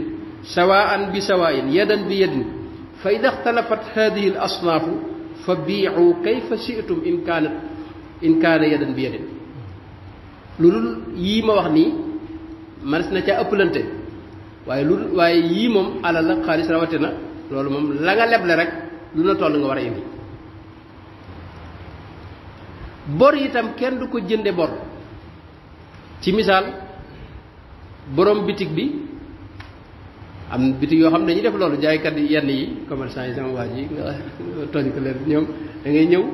سواء بسواء يدا بيد فإذا اختلفت هذه الأصناف فبيعوا in kana إن كانت إن كان يدا بيد لول يما وخني مانس ca ëppalante waaye lu waaye yii moom alal xaalis xaalis rawatina loolu moom la nga leble rek lu na toll nga war a indi bor itam kenn du ko jënde bor ci misaal borom bitig bi am na bitig yoo xam ne dañuy def loolu jaaykat yenn yi commerçant yi sama waa ji nga tooñ ko leen ñoom dangay ngay ñëw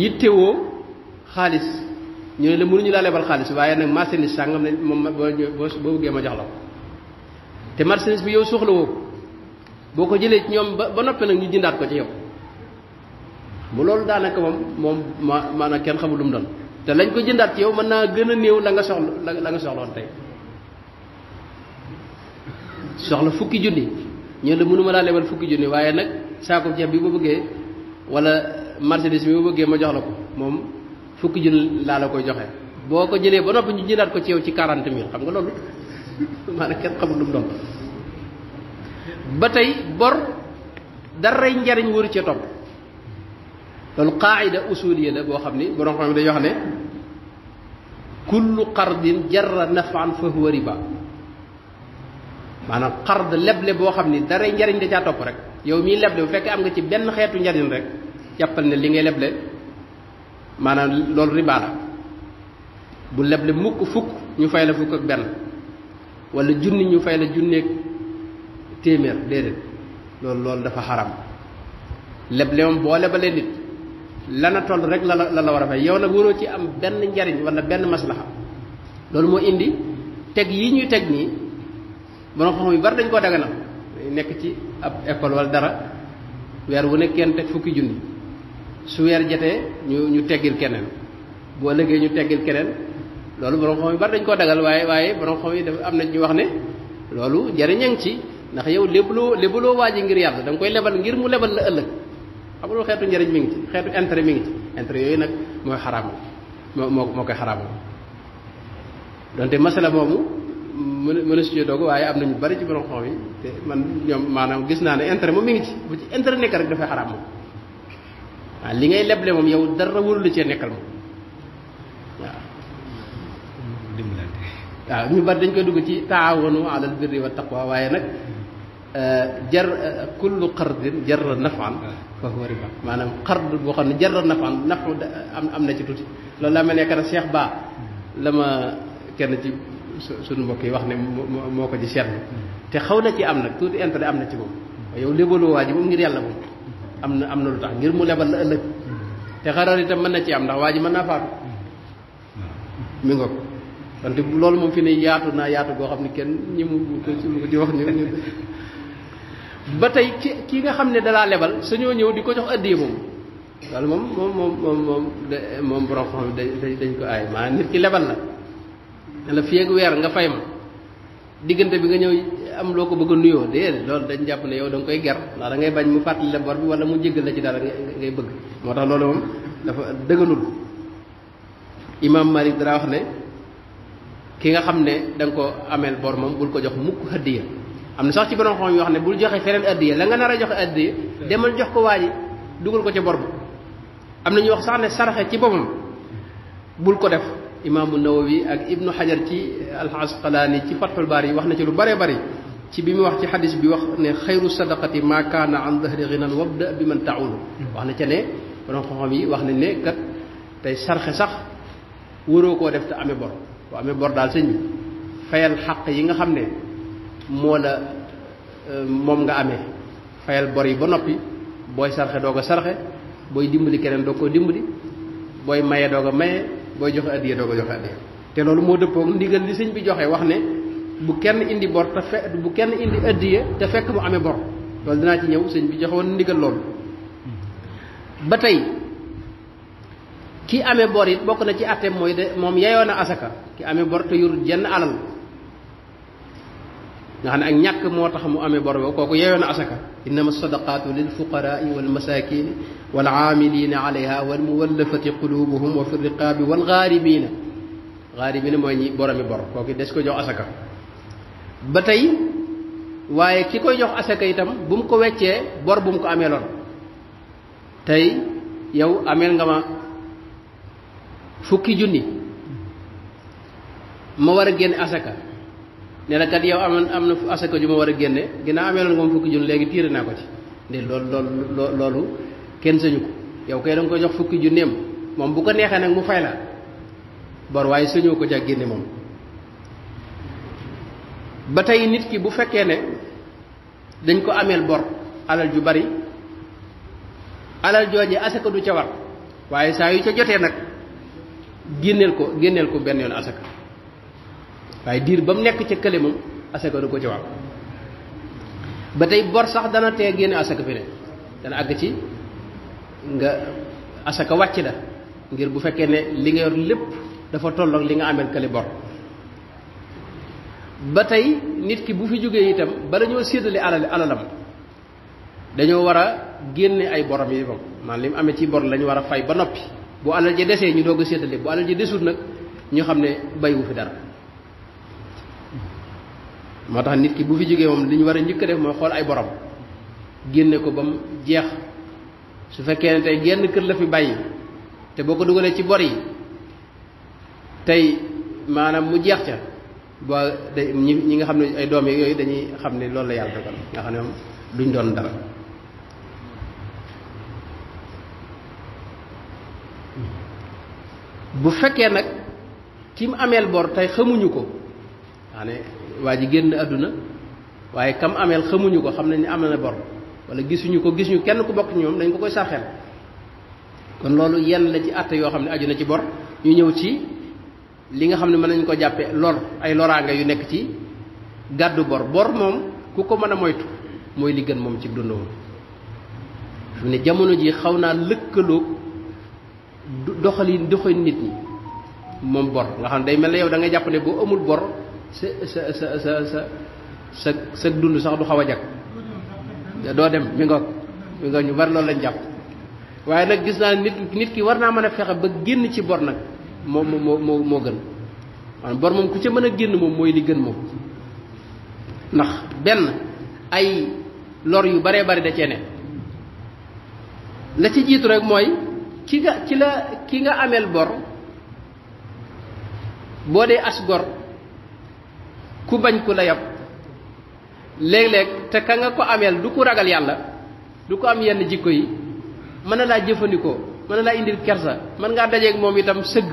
yittewoo xaalis ñu ne la mënuñu laa lebal xaalis waaye nag marchandise sàngam ne moom boo bëggee ma jox la ko te marchandise bi yow soxla woo boo ko jëlee ci ñoom ba ba noppi nag ñu jëndaat ko ci yow mu loolu daanaka moom moom ma maanaam kenn xamul lu mu doon te lañ ko jëndaat ci yow mën naa gën a néew la nga soxla la nga soxloon tey soxla fukki junni ñu la mënuma laa lebal fukki junni waaye nag saako ceeb bi ma bëggee wala marchandise bi ma bëggee ma jox la ko moom fukki junni laa la koy joxe boo ko jëlee ba noppi ñu jëlaat ko ci yow ci quarante mille xam nga loolu maanaam kenn xamul lu mu doon ba tey bor daray njariñ waru ci topp loolu qaayida usuliya la boo xam ni borom xam ne dañuy wax ne kullu qardin jarra nafan fa huwa riba maanaam xard leble boo xam ni daray njariñ da caa topp rek yow mii leble bu fekkee am nga ci benn xeetu njariñ rek jàppal ne li ngay leble maanaam loolu riba la bu leble mukk fukk ñu fay la fukk ak benn wala junni ñu fay la junneeg téeméer déedéet loolu loolu dafa xaram leble moom ba lebalee nit lana toll rek la lala war a fay yow nag waroo ci am benn njariñ wala benn maslaxa loolu moo indi teg yi ñuy teg nii borom xam-xam yu bari dañ koo daganal nekk ci ab école wal dara weer wu nekk kenn teg fukki junni su weer jotee ñu ñu teggil keneen boo lëggee ñu teggil keneen loolu borom xam yu bari dañ koo dagal waaye waaye borom xam yi dafa am na ñu wax ne loolu jariñang ci ndax yow lebloo lebloo waaji ngir yàlla da nga koy lebal ngir mu lebal la ëllëg xam nga xeetu njariñ mi ngi ci xeetu intérêt mi ngi ci intérêt yooyu nag mooy xaraam moo moo koy xaraam donte masala moomu mëna dogu am nañu bari ci borom xam yi te man ñoom maanaam gis naa ne intérêt moom mi ngi ci bu ci intérêt rek waaw li ngay leble moom yow dara warul cee nekkal moom waaw. ñu bari dañ koy dugg ci taawanu alal waaye nag euh, jar euh, kullu xardin jarra nafan fa huwa riba maanaam xard boo xam ne jarra nafan nafu am am na ci tuuti loolu laa mel ne que Cheikh Ba la ma kenn ci suñu mbokk yi wax ne moo ko ci seetlu te xaw na ci am nag tuuti intérêt am na ci moom yow lébaloo waa ji moom ngir yàlla moom. am na am na lu tax ngir mu lebal la ëllëg te xarar itam mën na ci am ndax waa ji mën naa faatu mi nga loolu moom fi ne yaatu naa yaatu goo xam ne kenn ñi mu ko di wax ni ba tey ki ki nga xam ne dalaa lebal sañoo ñëw di ko jox addiye moom loolu moom moom moom moom moom moom borom xam dañ dañ ko aay maa nit ki lebal la ne la fii weer nga fay ma diggante bi nga ñëw am loo ko bëgg a nuyoo déedéet loolu dañ jàpp ne yow da koy ger ndax da ngay bañ mu fàttali la bor bi wala mu jéggal la ci dara ngay bëgg moo loolu moom dafa dëgënul imam malik dara wax ne ki nga xam ne ko amel bor moom bul ko jox mukk hadiya am na sax ci borom xam yoo xam ne bul joxe feneen hadiya la nga nar a hadiya demal jox ko waaji dugal ko ci bor bi am na ñu wax sax ne saraxe ci boppam bul ko def imaamu nawawi ak ibnu xajar ci alxasqalaani ci fatxul baar yi wax na ci lu bare bari ci bi mu wax ci xadis bi wax ne xayru sadaqati maa kaana an dahri ginan wabda bi man taawulu wax na ca ne borom xam yi wax nañ ne kat tey sarxe sax waroo koo def te ame bor bu amee bor daal sëñ bi fayal xaq yi nga xam ne moo la euh, moom nga amee fayal bor yi ba noppi booy sarxe doo sarxe booy dimbali keneen doo ko dimbali booy maye doo ko booy joxe addiya doo ko joxe addiya te loolu moo dëppoog ndigal li sëñ bi joxe wax ne bu kenn indi bor te fe bu kenn indi addiya te fekk mu amee bor loolu dinaa ci ñëw sëñ bi joxe woon ndigal loolu ba tey ki amee bor it bokk na ci àtteem mooy de moom yeyoo na asaka ki amee bor te yorul jenn alal نحن أنيق موتها مؤمن بربه كوكو يعيون أسكا إنما الصدقات للفقراء والمساكين والعاملين عليها والمولفة قلوبهم وفي الرقاب والغاربين غاربين ما يني برم بر كوكو دسكو جو أسكا بتاي واي كيكو جو أسكا يتم بمكو وجه بر بمكو أميلون تاي يو أميل غما فوكي جوني ما ورجين أسكا ne la kat yow amoon am na asaka ju ma war a génne ginnaaw amee loolu moom fukki junni léegi tiire naa ko ci de loolu loolu loolu kenn sañu ko yow kay da nga ko jox fukki junneem moom bu ko neexee nag mu fay la bor waaye sañoo ko jag génne moom ba tey nit ki bu fekkee ne dañ ko ameel bor alal ju bari alal jooje asaka du ca war waaye saa yu ca jotee nag génneel ko génneel ko benn yoon asaka waaye diir ba mu nekk ca kële moom asaka du ko ca wàll ba tey bor sax dana tee génne asaka fi ne dana àgg ci nga asaka wàcc la ngir bu fekkee ne li nga yor lépp dafa tolloog li nga ameel kële bor ba tey nit ki bu fi jógee itam ba lañoo séddale alal alalam dañoo war a génne ay borom yi moom maa li mu amee ci bor lañu war a fay ba noppi bu alal ji desee ñu doog a séddale bu alal ji desut nag ñu xam ne bay wu fi dara moo tax nit ki bu fi jógee moom li ñu war a njëkk a def mooy xool ay borom génne ko ba mu jeex su fekkee ne tey genn kër la fi bàyyi te boo ko dugalee ci bor yi tey maanaam mu jeex ca ba day ñi ñi nga xam ne ay doom yooyu dañuy xam ne loolu la yàlla dogal nga xam ne moom duñ doon dara. bu fekkee nag ki mu ameel bor tey xamuñu ko xam ne waa ji génn àdduna waaye kam ameel xamuñu ko xam nañ ne am na bor wala gisuñu ko gisuñu kenn ku bokk ñoom dañ ko koy saxel kon loolu yenn la ci atte yoo xam ne aju na ci bor ñu ñëw ci li nga xam ne mën nañ ko lor ay loraanga yu nekk ci gàddu bor bor moom ku ko mën a moytu mooy li gën moom ci dund moom fi ne jamono ji xaw naa lëkkaloog nit ñi moom bor nga xam day mel yow da jàpp ne boo amul bor sa sa sa sa sa sa sa dund sax du xaw a jag doo dem mi ngoog mi ngoog ñu bari loolu lañ jàpp waaye nag gis naa nit nit ki war naa mën a fexe ba génn ci bor nag moo moo moo gën maanaam bor moom ku ca mën a génn moom mooy li gën moom ndax benn ay lor yu baree bari da cee ne la ci jiitu rek mooy ki nga ci la ki nga ameel bor boo dee as gor ku bañ ku la yab léeg te ka nga ko ameel du ku ragal yàlla du ko am yenn jikko yi indil kersa mën ngaa dajeeg momitam itam sëgg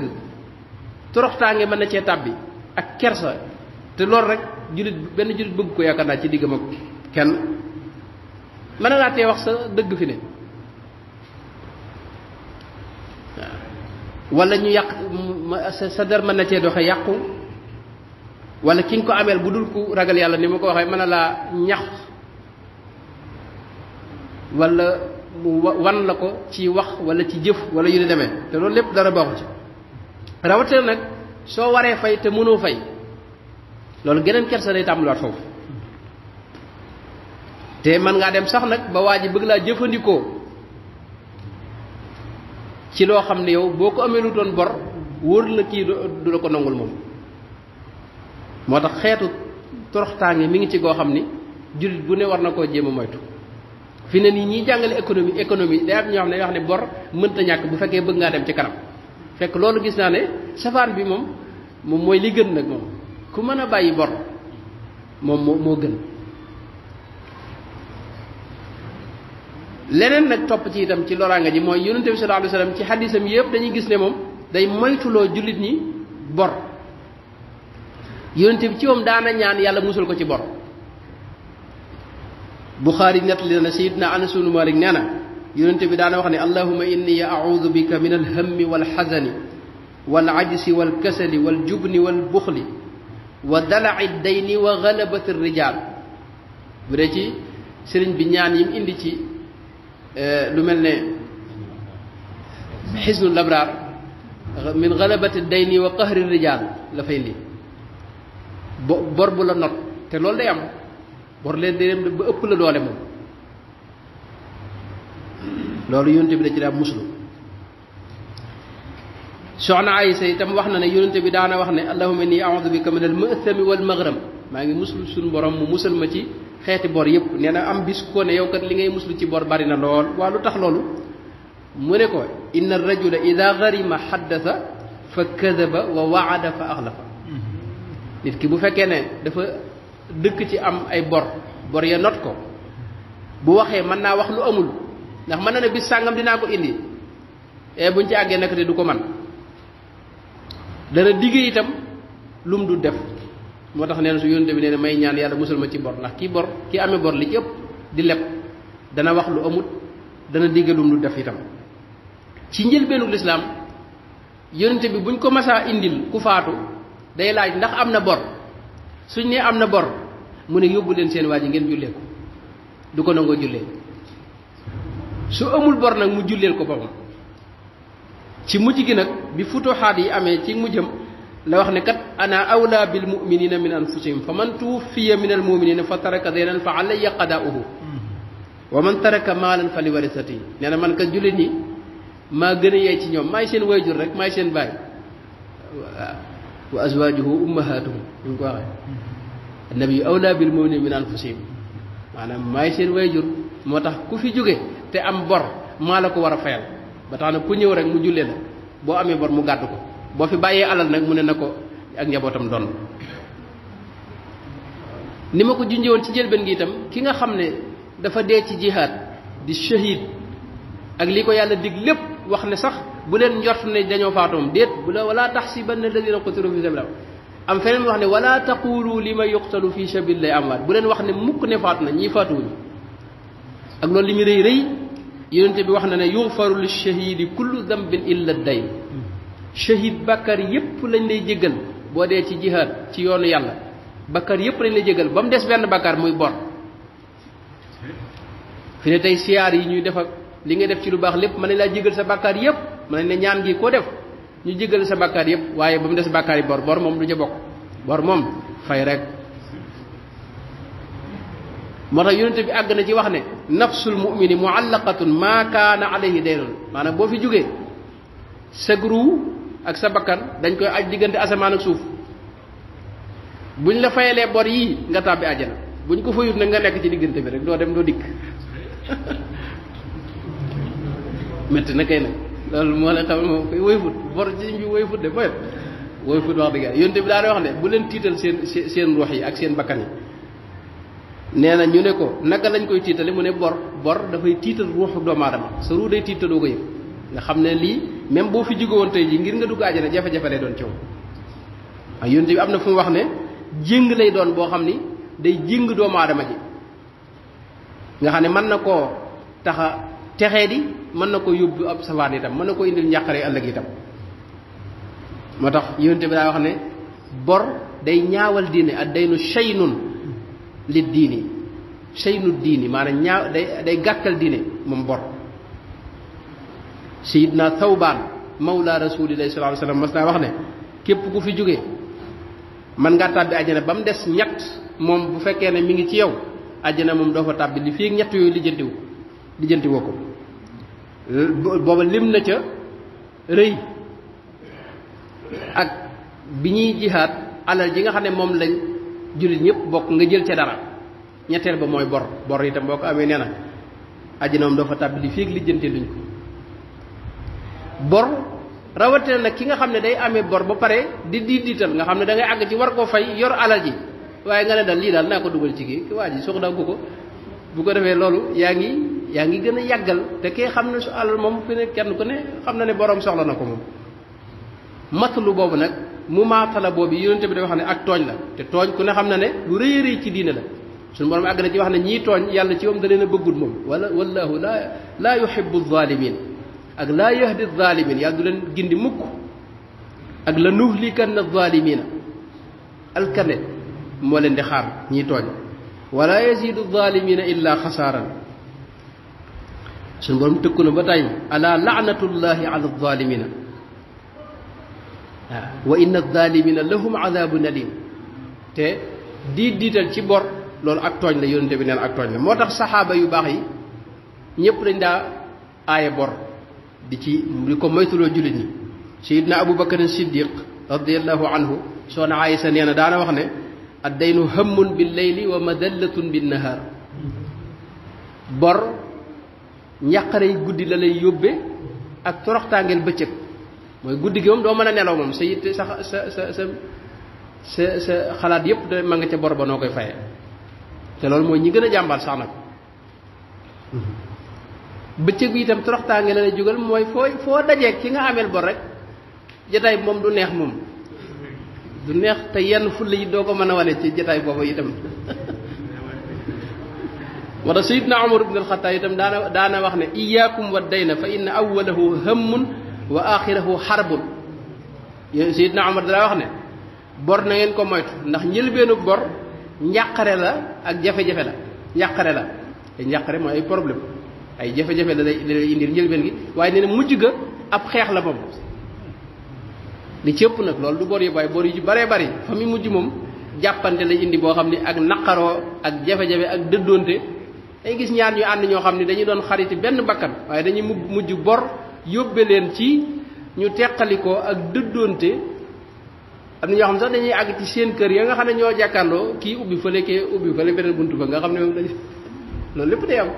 toroxtaange mën na ak kersa te loolu rek julit benn julit bëgg ko yaakaar naa ci diggam ak kenn mën na laa wax sa dëgg fi wala ñu sa na wala ki nga ko ameel bu dul ku ragal yàlla ni ma ko waxee mën a laa ñax wala mu wan la ko ci wax wala ci jëf wala yu ni demee te loolu lépp dara baaxu ci rawatina nag soo waree fay te mënoo fay loolu geneen kersa day tàmbaliwaat foofu te mën ngaa dem sax nag ba waa ji bëgg laa jëfandikoo ci loo xam ne yow boo ko amee lu doon bor wóor la kii du la ko nangul moom moo tax xeetu toroxtaange mi ngi ci goo xam ni jullit bu ne war na koo jéem a moytu fi ne nii ñiy jàngale économie économie day am ñoo xam ne wax ne bor mënta ñàkk bu fekkee bëgg ngaa dem ci kanam fekk loolu gis naa ne safaan bi moom moom mooy li gën nag moom ku mën a bàyyi bor moom moo gën leneen nag topp ci itam ci loraanga ji mooy yonente bi sallallahu alayhi wasallam ci xadisam yëpp dañuy gis ne moom day moytuloo jullit ñi bor yonente bi ci moom daana ñaan yàlla musul ko ci bor bukhari nettali na sayidna anas ibn malik nee na yonente bi daana wax ne allahuma inni a'udhu bika min alhammi walhazani والعجز والكسل والجبن والبخل ودلع الدين وغلبة الرجال بريتي سيرن بي ñaan yim indi ci lu melne حزن الابرار من غلبة الدين وقهر الرجال لا فاي bor bu la not te loolu day am bor leen day dem ba ëpp la doole mom loolu yoonte bi da ci da muslu soxna aysa itam wax na ne yoonte bi daana wax ne allahumma inni a'udhu bika min al mathami wal maghram ma ngi muslu sun borom mu musal ma ci xeeti bor yépp nee na am bis ko ne yow kat li ngay muslu ci bor bari na lool waa lu tax loolu mu ne ko inna rajula ida garima xaddasa fa kadaba wa waada fa axlafa nit ki bu fekkee ne dafa dëkk ci am ay bor bor ya not ko bu waxee mën naa wax lu amul ndax mën na ne bis sàngam dinaa ko indi bu eh, buñ ci àggee naka te du ko man dana digge itam lum du def moo tax nee na su yónte bi nee na may ñaan yàlla musal ma ci bor ndax kii bor ki amee bor li ci di leb dana wax lu amul dana digge lum du def itam ci njëlbeenu lislaam yónte bi buñ ko masaa indil ku faatu day laaj ndax am na bor suñ ne am na bor mu ne yóbbu leen seen waa ji ngeen jullee ko du ko nangoo jullee su amul bor nag mu julleel ko boppam ci mujj gi nag bi futuxaat yi amee ci mu jëm la wax ne kat ana awla bil muminina min anfusihim fa man tuwuffiya min al muminina fa taraka deynan fa alayya qadaa'uhu wa man taraka maalan fa li warisati nee na man kat jullit ñi maa gën a yey ci ñoom maay seen wayjur rek maay seen baay wa azwaajuhu ummahatuhum ni mu ko waxee moo awlaa bil mu'miniina min anfusihim maanaam maay seen wayjur moo tax ku fi jóge te am bor maa la ko war a fayal ba tax na ku ñëw rek mu jullee la boo amee bor mu gàddu ko boo fi bàyyee alal nag mu ne na ko ak njabootam doon ni ma ko junjewoon ci njëlbeen gi itam ki nga xam ne dafa dee ci jihaad di shahid ak li ko yàlla dig lépp wax ne sax bu leen njort ne dañoo faatoom déet bu la wala taxsibanna alladina qutilu fi sabilillah am feneen wax wala taqulu lima yuqtalu fi sabilillahi amwaat bu leen wax ne mukk ne faatu na ñii faatuwuñu ak loolu li mu rëy rëy yonente bi wax ne yughfaru li kullu dambin illa dayn shahid bakar yépp lañ lay jéggal boo dee ci jihaad ci yoonu yàlla bakkar yépp lañ lay jéggal ba mu des benn muy bor fi ne tey siyaar yi ñuy def ak li nga def ci lu baax lépp mën laa jégal sa bàkkaar yépp mën ne ñaan gi ko def ñu jégal sa bàkkaar yépp waaye ba mu des bàkkaar bor bor moom du ca bokk bor moom fay rek motax yonent bi àgg na ci wax ne nafsul mu'mini mu'allaqatun ma kaana alayhi daynun maanaam boo fi sa ak sa dañ koy aj ak suuf buñ la bor yi nga buñ ko fayut nga ci bi rek dem métti na kay nag loolu moo leen xamal moom koy woyfut bor ci ñu woyfut de boyet woyfut wax dëgg yonte bi daa wax ne bu leen tiital seen seen ruux yi ak seen bakkan yi nee na ñu ne ko naka lañ koy tiitale mu ne bor bor dafay tiital ruuxu doomu aadama sa ruux day tiitaloo ko yëg nga xam ne lii même boo fi jóge woon tey ji ngir nga dugg àjjana jafe-jafe lay doon ci yow bi am na fu mu wax ne jéng lay doon boo xam ni day jéng doomu adama ji nga xam ne mën na koo taxa texee mën na ko yóbbu ab safaan mën na ko indil njàqare ëllëg itam moo tax yonente bi daa wax ne bor day ñaawal diine ak day nu shaynun li diini shaynu diini maanaam ñaaw day day gàkkal diine moom bor sayidna thawbaan mawla rasulillahi sallallahu alayhi wasallam mas naa wax ne képp ku fi jóge man ngaa tàbbi àjjana ba mu des ñett moom bu fekkee ne mu ngi ci yow àjjana moom doo fa tàbbi li fii ñett yooyu lijjantiwu lijjantiwoo ko booba lim na ca rëy ak bi ñuy jihaat alal ji nga xam ne moom lañ julit ñëpp bokk nga jël ca dara ñetteel ba mooy bor bor itam boo ko amee nee na àjjana moom dafa tàbbi li féeg lijjante luñ ko bor rawatina nag ki nga xam ne day amee bor ba pare di diidiital nga xam ne da ngay àgg ci war koo fay yor alal ji waaye nga ne dal lii daal naa ko dugal ci kii waa ji soxla ko ko bu ko defee loolu yaa ngi yaa ngi gën a yàggal te kee xam ne su alal moom fi ne kenn ku ne xam na ne borom soxla na ko moom matlu boobu nag mu maatala boobu yonente bi da wax ne ak tooñ la te tooñ ku ne xam na ne lu rëy rëy ci diine la suñu borom àgg na ci wax ne ñii tooñ yàlla ci moom da leen a bëggul moom wala wallahu la laa yuhibu zalimin ak la yahdi zalimin yàlla du leen gindi mukk ak la nuhlikanna zalimina alkane moo leen di xaar ñii tooñ wala yazidu zalimina illa xasaaran سن بروم تكون بتاي الا لعنه الله على الظالمين وان الظالمين لهم عذاب اليم تي دي ديتال سي بور لول اك توغ لا يونت بي نال اك توغ موتاخ صحابه يو باخي نيب لا ندا اي بور دي سي ليكو ميتلو جولي ني سيدنا ابو بكر الصديق رضي الله عنه سونا عائشه نينا دانا واخني الدين هم بالليل ومذله بالنهار بور njàqarey guddi la lay yóbbe ak toroxtaangeel bëccëg mooy guddi gi moom doo mën a nelaw moom sa yitte sa sa xalaat yépp da ma nga ca bor ba noo koy fayee te loolu mooy ñi gën a jàmbaar sax nag bëccëg bi itam toroxtaange la lay jógal mooy foo foo dajee ki nga ameel bor rek jataay moom du neex moom du neex te yenn fulla yi doo ko mën a wane ci jataay boobu itam moo tax sayidna umar ibn alxataab itam daana daana wax ne iyaakum wa dayna fa inna awalahu hammun wa axirahu xarbun yooyu sayidna umar danaa wax ne bor na ngeen ko moytu ndax njëlbeenu bor njàqare la ak jafe-jafe la njàqare la te njàqare mooy ay problème ay jafe-jafe la lay indil njëlbeen gi waaye nee na mujj ga ab xeex la moom li cëpp nag loolu du bor yu bàyyi bor yu baree bari fa mu mujj moom jàppante lay indi boo xam ne ak naqaroo ak jafe-jafe ak dëddoonte day gis ñaar ñu ànd ñoo xam ne dañu doon xariti benn bakkan waaye dañuy mujj bor yóbbe leen ci ñu teqalikoo ak dëddoonte am na ñoo xam sax dañuy àgg ci seen kër ya nga xam ne ñoo jàkkaarloo kii ubbi fële kee ubbi fële beneen ba nga xam ne moom loolu lépp day am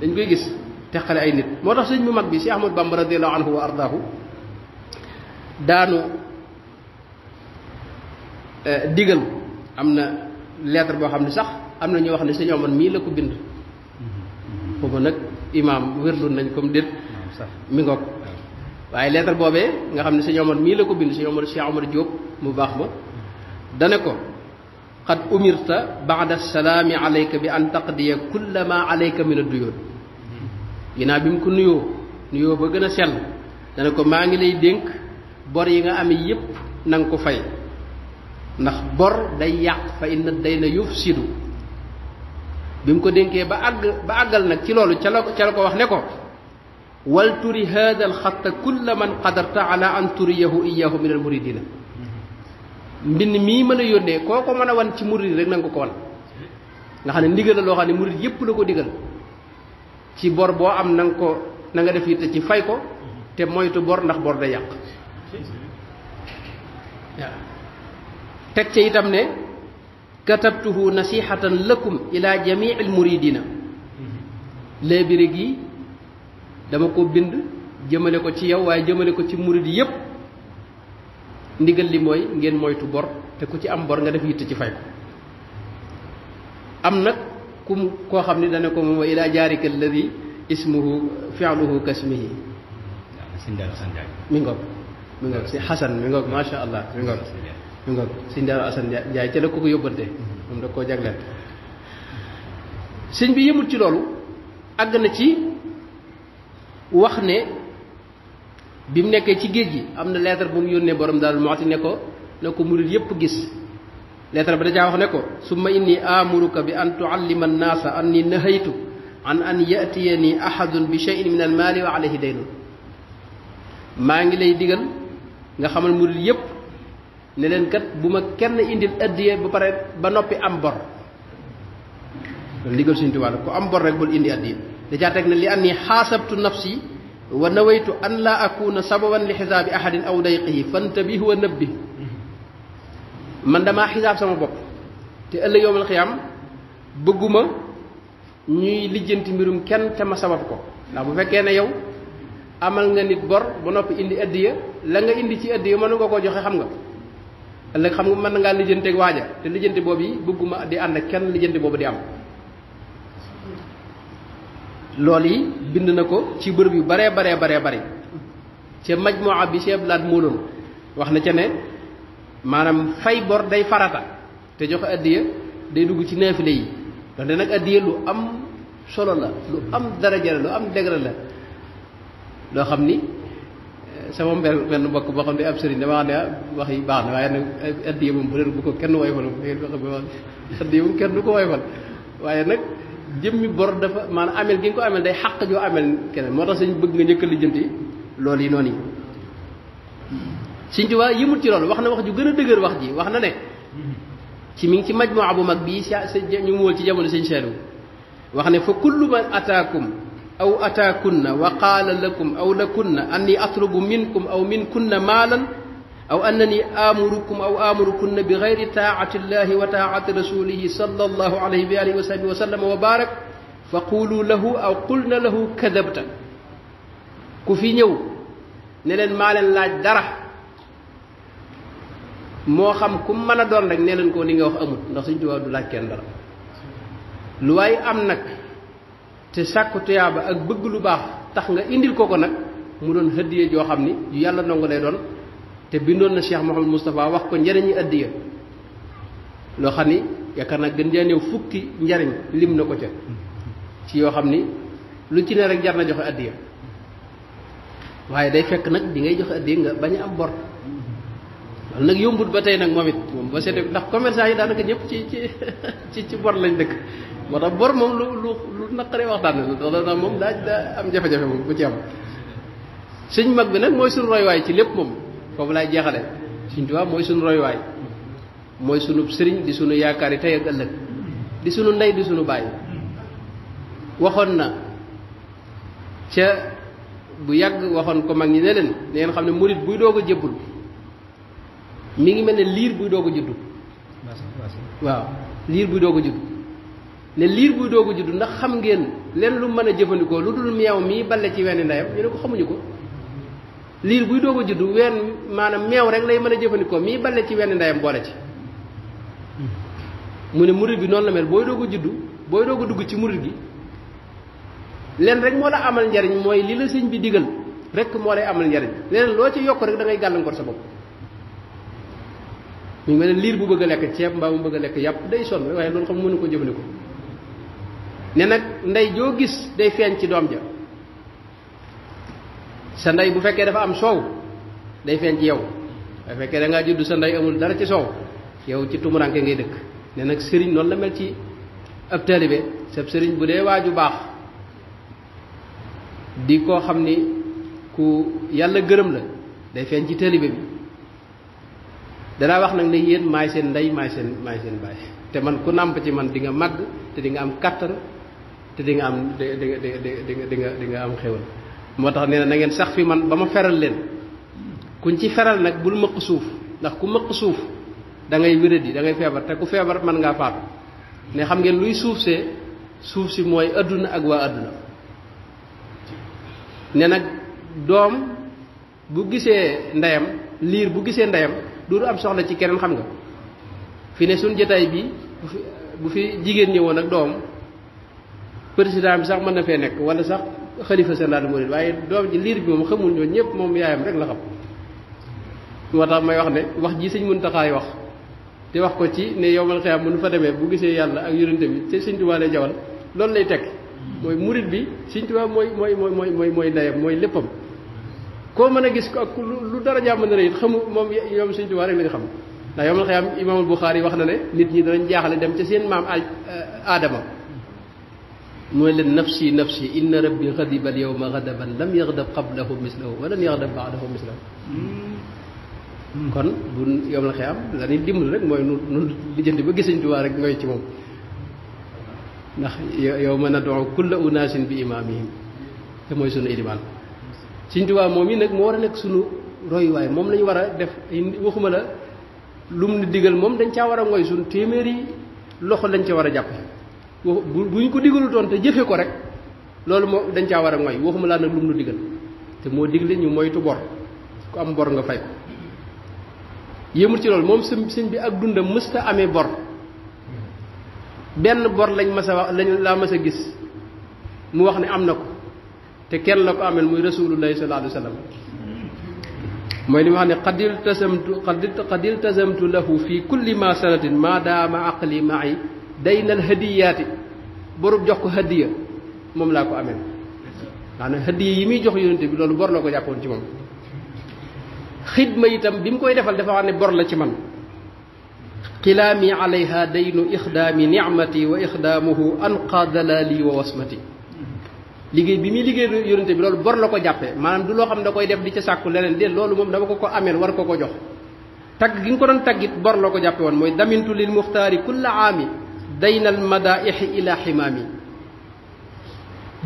dañ koy gis teqale ay nit moo tax sëñ bu mag bi si ahmad bamba radiallahu anhu wa ardahu daanu eh, digal am na lettre boo xam ne sax am na ñoo wax ne sëñ omar mii la ko bind xuma nag imaam wérlu nañ comme déet mi ngoog waaye lettre boobee nga xam ne sëñ Omar mii la ko bind sëñ Omar Cheikh Omar Diop mu baax ma dane ko xad umirta baada salaami alayka bi an taqdiya kulla ma alayka min ad-duyoon ginnaaw bi mu ko nuyoo nuyoo ba gën a sell dane ko maa ngi lay dénk bor yi nga amee yépp nanga ko fay ndax bor day yàq fa inna dayna yufsidu bi mu ko dénkee ba àgg ba àggal nag ci loolu ca la ca ko wax ne ko wal turi hada alxatta kulla man qadarta ala an turiyahu iyahu min al muridina mbind mii mën a yónnee koo ko mën a wan ci murid rek nanga ko ko wan nga xam ne ndigal la loo xam ne murid yépp la ko digal ci bor boo am na nga ko nanga def yitte ci fay ko te moytu bor ndax bor da yàq waaw teg ca itam ne كتبته نصيحة لكم إلى جميع المريدين leebire gi dama ko bind jëmale ko ci yow waaye jëmale ko ci murid yépp ndigal li mooy ngeen moytu bor te ku ci am bor nga def yitte ci fay ko am nag kum koo xam ni dana ko moom ila jaarika alladi ismuhu fi'luhu kasmihi mi ngoog mi ngoog si xasan mi ngoog masha allah mi ngoog ñu nga sëñ Daaru Njaay ca la ko ko yóbbante moom da koo jagleel sëñ bi yëmut ci loolu àgg na ci wax ne bi mu nekkee ci géej gi am na lettre bu mu yónnee borom daal moo ne ko na ko murit yépp gis lettre ba dajaa wax ne ko summa inni amuruka bi an tuallima annaasa anni nahaytu an an yatiyani ahadun bi cheyin min almaali a alayhi daynun maa ngi lay digal nga xamal mu murit yépp ne leen kat bu ma kenn indil addiyee ba pare ba noppi am bor loolu ndigal Sëriñ Tuubaa ku am bor rek bul indi addiye da caa teg ne li anni xaasabtu nafsi wa nawaytu an laa akuna sababan li xisaabi ahadin aw dayqihi fantabih wa nabbih man damaa xisaab sama bopp te ëllëg yowmal xiyaam bëgguma ñuy lijjanti mbirum kenn te ma sabab ko ndax bu fekkee ne yow amal nga nit bor ba noppi indi addiya la nga indi ci addiya mënu nga koo joxe xam nga ëllëg xam nga mën ngaa lijjanteeg waaja te lijjante boobu yi bëgguma di ànd kenn lijjante boobu di am loolu yi bind na ko ci bërëb yu baree bare baree bari ca majmuwa bi Cheikh Laat mooloon wax na ca ne maanaam fay bor day farata te joxe addiya day dugg ci naafile yi donte nag addiya lu am solo la lu am daraja la lu am degré la loo xam ni sama benn benn mbokk boo xam ne ab sëriñ dama wax ne wax yi baax na waaye nag addiya moom bu ko kenn woyfal addiya moom kenn du ko woyfal waaye nag jëmmi bor dafa maanaam ameel gi nga ko amel day xàq joo amel keneen moo tax sañ bëgg nga ñëkk a lijjanti loolu yi noonu yi Sëriñ Tuubaa yëmul ci lool wax na wax ju gën a dëgër wax ji wax na ne ci mi ngi ci majmuwa bu mag bii ñu mu wóol ci jamono sëñ Seeru wax ne fa kullu man ataakum أو أتاكن وقال لكم أو لكن أني أطلب منكم أو منكن مالا أو أنني آمركم أو آمركن بغير طاعة الله وطاعة رسوله صلى الله عليه وآله وصحبه وسلم وبارك فقولوا له أو قلنا له كذبت كفي نيو نلن مالا لا دره moo xam ku mën a doon rek nee leen ko li nga كندر amul أمنك te sàkku tuyaaba ak bëgg lu baax tax nga indil ko ko nag mu doon hëddiye joo xam ni yu yàlla nangu lay doon te bindoon na Cheikh Mouhamadou Moustapha wax ko njariñi addiya loo xam ni yaakaar nag gën jaaneew fukki njariñ lim na ko ca ci yoo xam ni lu ci ne rek jar na joxe addiya waaye day fekk nag di ngay joxe addiya nga bañ am bor loolu nag yombut ba tey nag moom it moom ba seete ndax commerçant yi daanaka ñëpp ci ci ci bor lañ dëkk moo tax bor moom lu lu lu naqaree waxtaan la ndax moom daa daa am jafe-jafe moom bu ci am sëñ mag bi nag mooy suñu roywaay ci lépp moom foofu laay jeexale sëñ Tuubaa mooy suñu roywaay mooy sunu sëriñ di suñu yaakaar yi tey ak ëllëg di suñu ndey di sunu baay waxoon na ca bu yàgg waxoon ko mag ñi ne leen ne ngeen xam ne murit buy doog a jëbbul mi ngi mel ne liir buy doog a juddu waaw liir buy doog ko juddu ne liir buy doog a juddu ndax xam ngeen leen lu mën a jëfandikoo lu dul meew mii balle ci wenn ndeyam ñu ne ko xamuñu ko liir buy doog a juddu wenn maanaam meew rek lay mën a jëfandikoo mii balle ci wenn ndeyam boole ci mu ne murid bi noon la mel booy doog a juddu booy doog dugg ci murid gi leen rek moo la amal njariñ mooy li la sëñ bi digal rekk moo lay amal njariñ leen loo ci yokk rek da ngay gàllankoor sa bopp mu mel ne liir bu bëgg a lekk ceeb mbaa mu bëgg a lekk yàpp day sonn waaye mënu ko jëfandikoo ne nag ndey joo gis day feeñ ci doom ja sa ndey bu fekkee dafa am soow day feeñ ci yow bu fekkee da judd sa amul dara ci soow yow ci tumuranke ngay dëkk ne nag sëriñ noonu la mel ci ab taalibe sab sëriñ bu dee di ko xam ku yàlla gërëm la day feeñ ci taalibe bi dana wax nag ne yéen maay sen ndey maay seen maay seen baay te man ku nàmp ci man di nga te di nga am kattan te di nga am di nga di nga di nga di nga am xewal moo tax nee na ngeen sax fi man ba ma feral leen kuñ ci feral nag bul mëq suuf ndax ku mëq suuf da ngay wéradi da ngay feebar te ku feebar man ngaa faatu ne xam ngeen luy suuf see suuf si mooy àdduna ak waa àdduna ne nag doom bu gisee ndeyam liir bu gisee ndeyam du am soxla ci keneen xam nga fi ne suñ jotaay bi bu fi jigéen ñëwoon ak doom président bi sax mën na fee nekk wala sax xalifa sallallahu alayhi waaye doom ji liir bi moom xamul ñoo ñëpp moom yaayam rek la xam moo tax may wax ne wax ji sëñ Muntaxaay wax te wax ko ci ne yowmal xiyaam bu nu fa demee bu gisee yàlla ak yonente bi te sëñ Tuubaa lay loolu lay tekk mooy murit bi sëñ Tuubaa mooy mooy mooy mooy mooy ndeyam mooy léppam koo mën a gis ko ak lu dara jàmm na it xamu moom yoom sëñ Tuubaa rek lañ xam ndax yowmal xiyaam imaamul Buxaari wax na ne nit ñi danañ jaaxle dem ca seen maam aadama نقول نفسي نفسي إن ربي غضب اليوم غضبا لم يغضب قبله مثله ولن يغضب بعده مثله كون بون يوم القيامة لاني ديمل رك موي نون ليجندي بغي سيني دوار رك موي تي يوم ندعو كل اناس بامامهم تي موي سونو ايمان سيني توبا مومي نك مو ورا نك سونو روي واي موم لاني ورا ديف واخوما لا لوم ديغال موم دنجا ورا موي سون تيميري لوخو لنجا ورا جابي bu ñu ko digalutoon te jëfe ko rek loolu moo dañ caa war a mooy waxuma laa nag lu mu nu digal te moo digle ñu moytu bor ku am bor nga fay ko yëmul ci loolu moom sëñ sëñ bi ak dundam mësta amee bor benn bor lañ mas a wax lañ laa mas gis mu wax ne am na ko te kenn la ko amel muy rasulullahi sallallahu mooy li ma xam ne qad iltazamtu qad iltazamtu lahu fi kulli ma sanatin ma daama aqli ma'i daynal hadiyaati borub jox ko hadiya moom laa ko amee maanaam hadiya yi muy jox yonente bi loolu bor la ko jàppoon ci moom xidma itam bi mu koy defal dafa wax ne bor la ci man qilaami alayha daynu ixdaami nicmati wa ixdaamuhu anqa dalaali wa wasmati liggéey bi muy liggéey yonente bi loolu bor la ko jàppee maanaam du loo xam da koy def di ca sàkku leneen déet loolu moom dama ko ko ameel war ko ko jox tagg gi nga ko doon taggit bor la ko jàppe woon mooy damintu lil muxtaari kulla aami daynal madaixi ila ximaami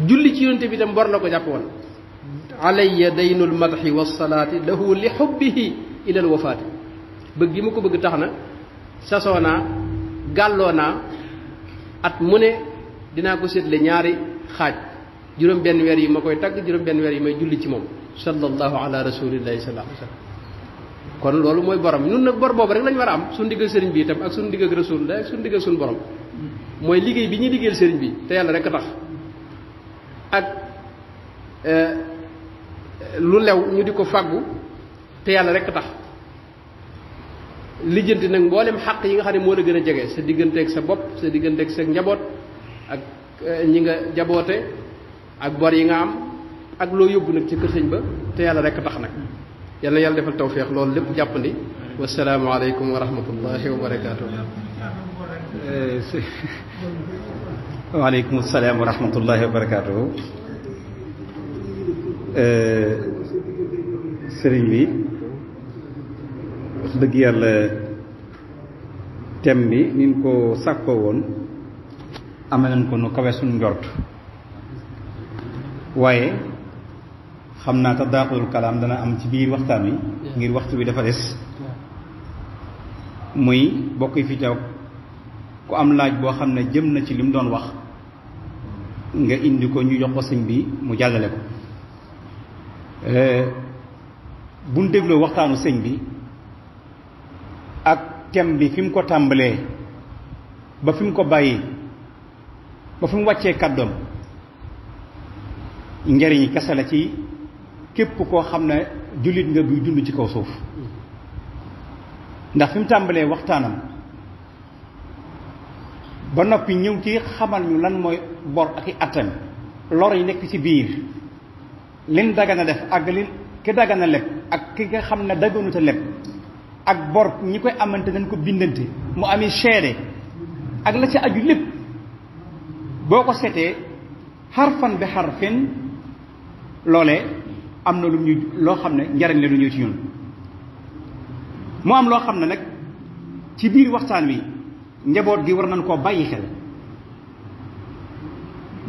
julli ci yoon bi dem bor la ko jàpp woon alayya daynul madaxi wasalaati lahu li xubbihi ila al bëgg gi ma ko bëgg tax na sasoo naa gàlloo naa at mu ne dinaa ko séddale ñaari xaaj juróom benn weer yi ma koy tagg juróom benn weer yi may julli ci moom sallallahu ala rasulillahi wa sallam kon loolu mooy borom ñun nag bor boobu rek lañ war a am suñu diggal sëriñ bi itam ak suñu diggal rasul la ak suñu diggal suñu borom mooy liggéey bi ñuy liggéeyal sëriñ bi te yàlla rek tax euh, lu lew ñu di ko fàggu te yàlla rek a tax lijjanti nag mboolem xaq yi nga xam ne moo la gën a jege sa digganteeg sa bopp sa digganteeg sa njaboot ak euh, ñi nga njaboote ak bor yi nga am ak loo yóbbu nag ci kër sëñ ba te yàlla rek a tax nag يلا يلا دفع التوفيق لول لب جابني والسلام عليكم ورحمة الله وبركاته وعليكم السلام ورحمة الله وبركاته سريني بقي على تمي نينكو ساكوون أمانكو نكوسون جورت وعي xam naa te daaxulul kalaam dana am ci biir waxtaan wi ngir waxtu bi dafa des muy bokk yi fi ku am laaj boo xam ne jëm na ci lim doon wax nga indi ko ñu jox sëñ bi mu jàllale ko eh, buñ dégloo waxtaanu sëñ bi ak thème bi fim ko tàmbalee ba fi mu ko bàyyi ba fi wàccee kàddoom njariñ kese la ci képp koo xam ne jullit nga buy dund ci kaw suuf ndax fi mu tàmbalee waxtaanam ba noppi ñëw ci xamal ñu lan mooy bor ak i attam lor yi nekk ci biir lin dagan a def ak lin ki dagan a leb ak ki nga xam ne daganut a leb ak bor ñi koy amante dañ ko bindante mu ami seede ak la ci aju lépp boo ko seetee xarfan bi xarfin loole am na lu ñu loo xam ne njariñ la lu ñëw ci ñun mu am loo xam ne nag ci biir waxtaan wi njaboot gi war nañ koo bàyyi xel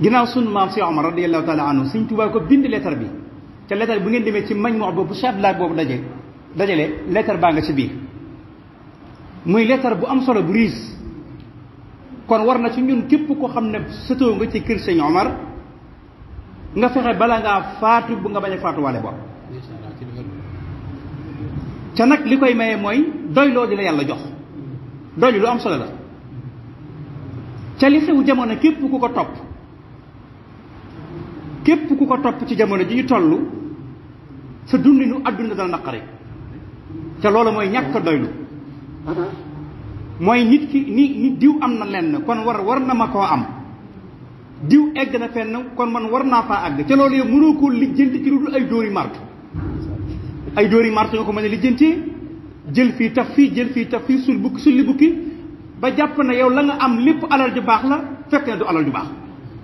ginnaaw sun maam si omar radiallahu taala anhu suñ tubaa ko bind lettre bi te lettre bu ngeen demee ci mañ moox boobu chef laaj boobu daje dajale lettre baa nga ci biir muy lettre bu am solo bu riis kon war na ci ñun képp ko xam ne sëtoo nga ci kër sëñ omar nga fexe balaa ngaa faatu bu nga bañ a faatuwaale bopp ca nag li koy maye mooy doyloo di la yàlla jox doylu lu am solo la ca li xew jamono képp ku ko topp képp ku ko topp ci jamono ji ñu toll sa dundinu àdduna dana naqari ca loolu mooy ñàkk doylu mooy nit ki nit diw am na lenn kon war war na ma koo am diw egg na fenn kon man war naa faa àgg ca loolu yow mënoo koo lijjanti ci lu dul ay dóori mart ay dóori mart nga ko mën a lijjanti jël fii taf fii jël fii taf fii sul bukki sulli bukki ba jàpp na yow la nga am lépp alal ju baax la fekk na du alal ju baax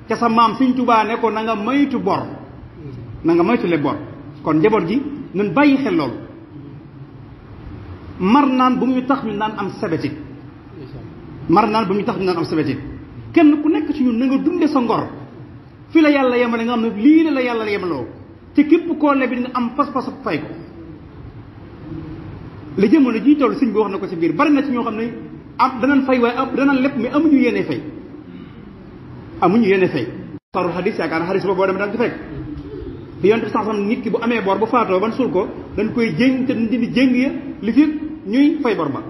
ca sa maam suñ tubaa ne ko na nga maytu bor na nga maytu le bor kon njaboot gi nan bàyyi xel loolu mar naan bu mu ñu tax ñu naan am sebeti. mar naan bu mu ñu tax ñu naan am sebeti. kenn ku nekk ci ñun na nga dunde sa ngor fi la yàlla yemale nga xam ne lii la la yàlla yemaloo te képp koo lebi dina am pas-pas fay ko la jamono toll sëñ bi wax na ko ci biir bari na ñoo xam ne am danañ fay waaye am danañ lépp mais amuñu yéene fay amuñu yéene fay saru xadis yaakaar xadis ba boo demee daan ci fekk fi nit ki bu amee bor bu faatoo ban suul ko dañ koy jéng te di di jéng ya li fekk ñuy fay bor ba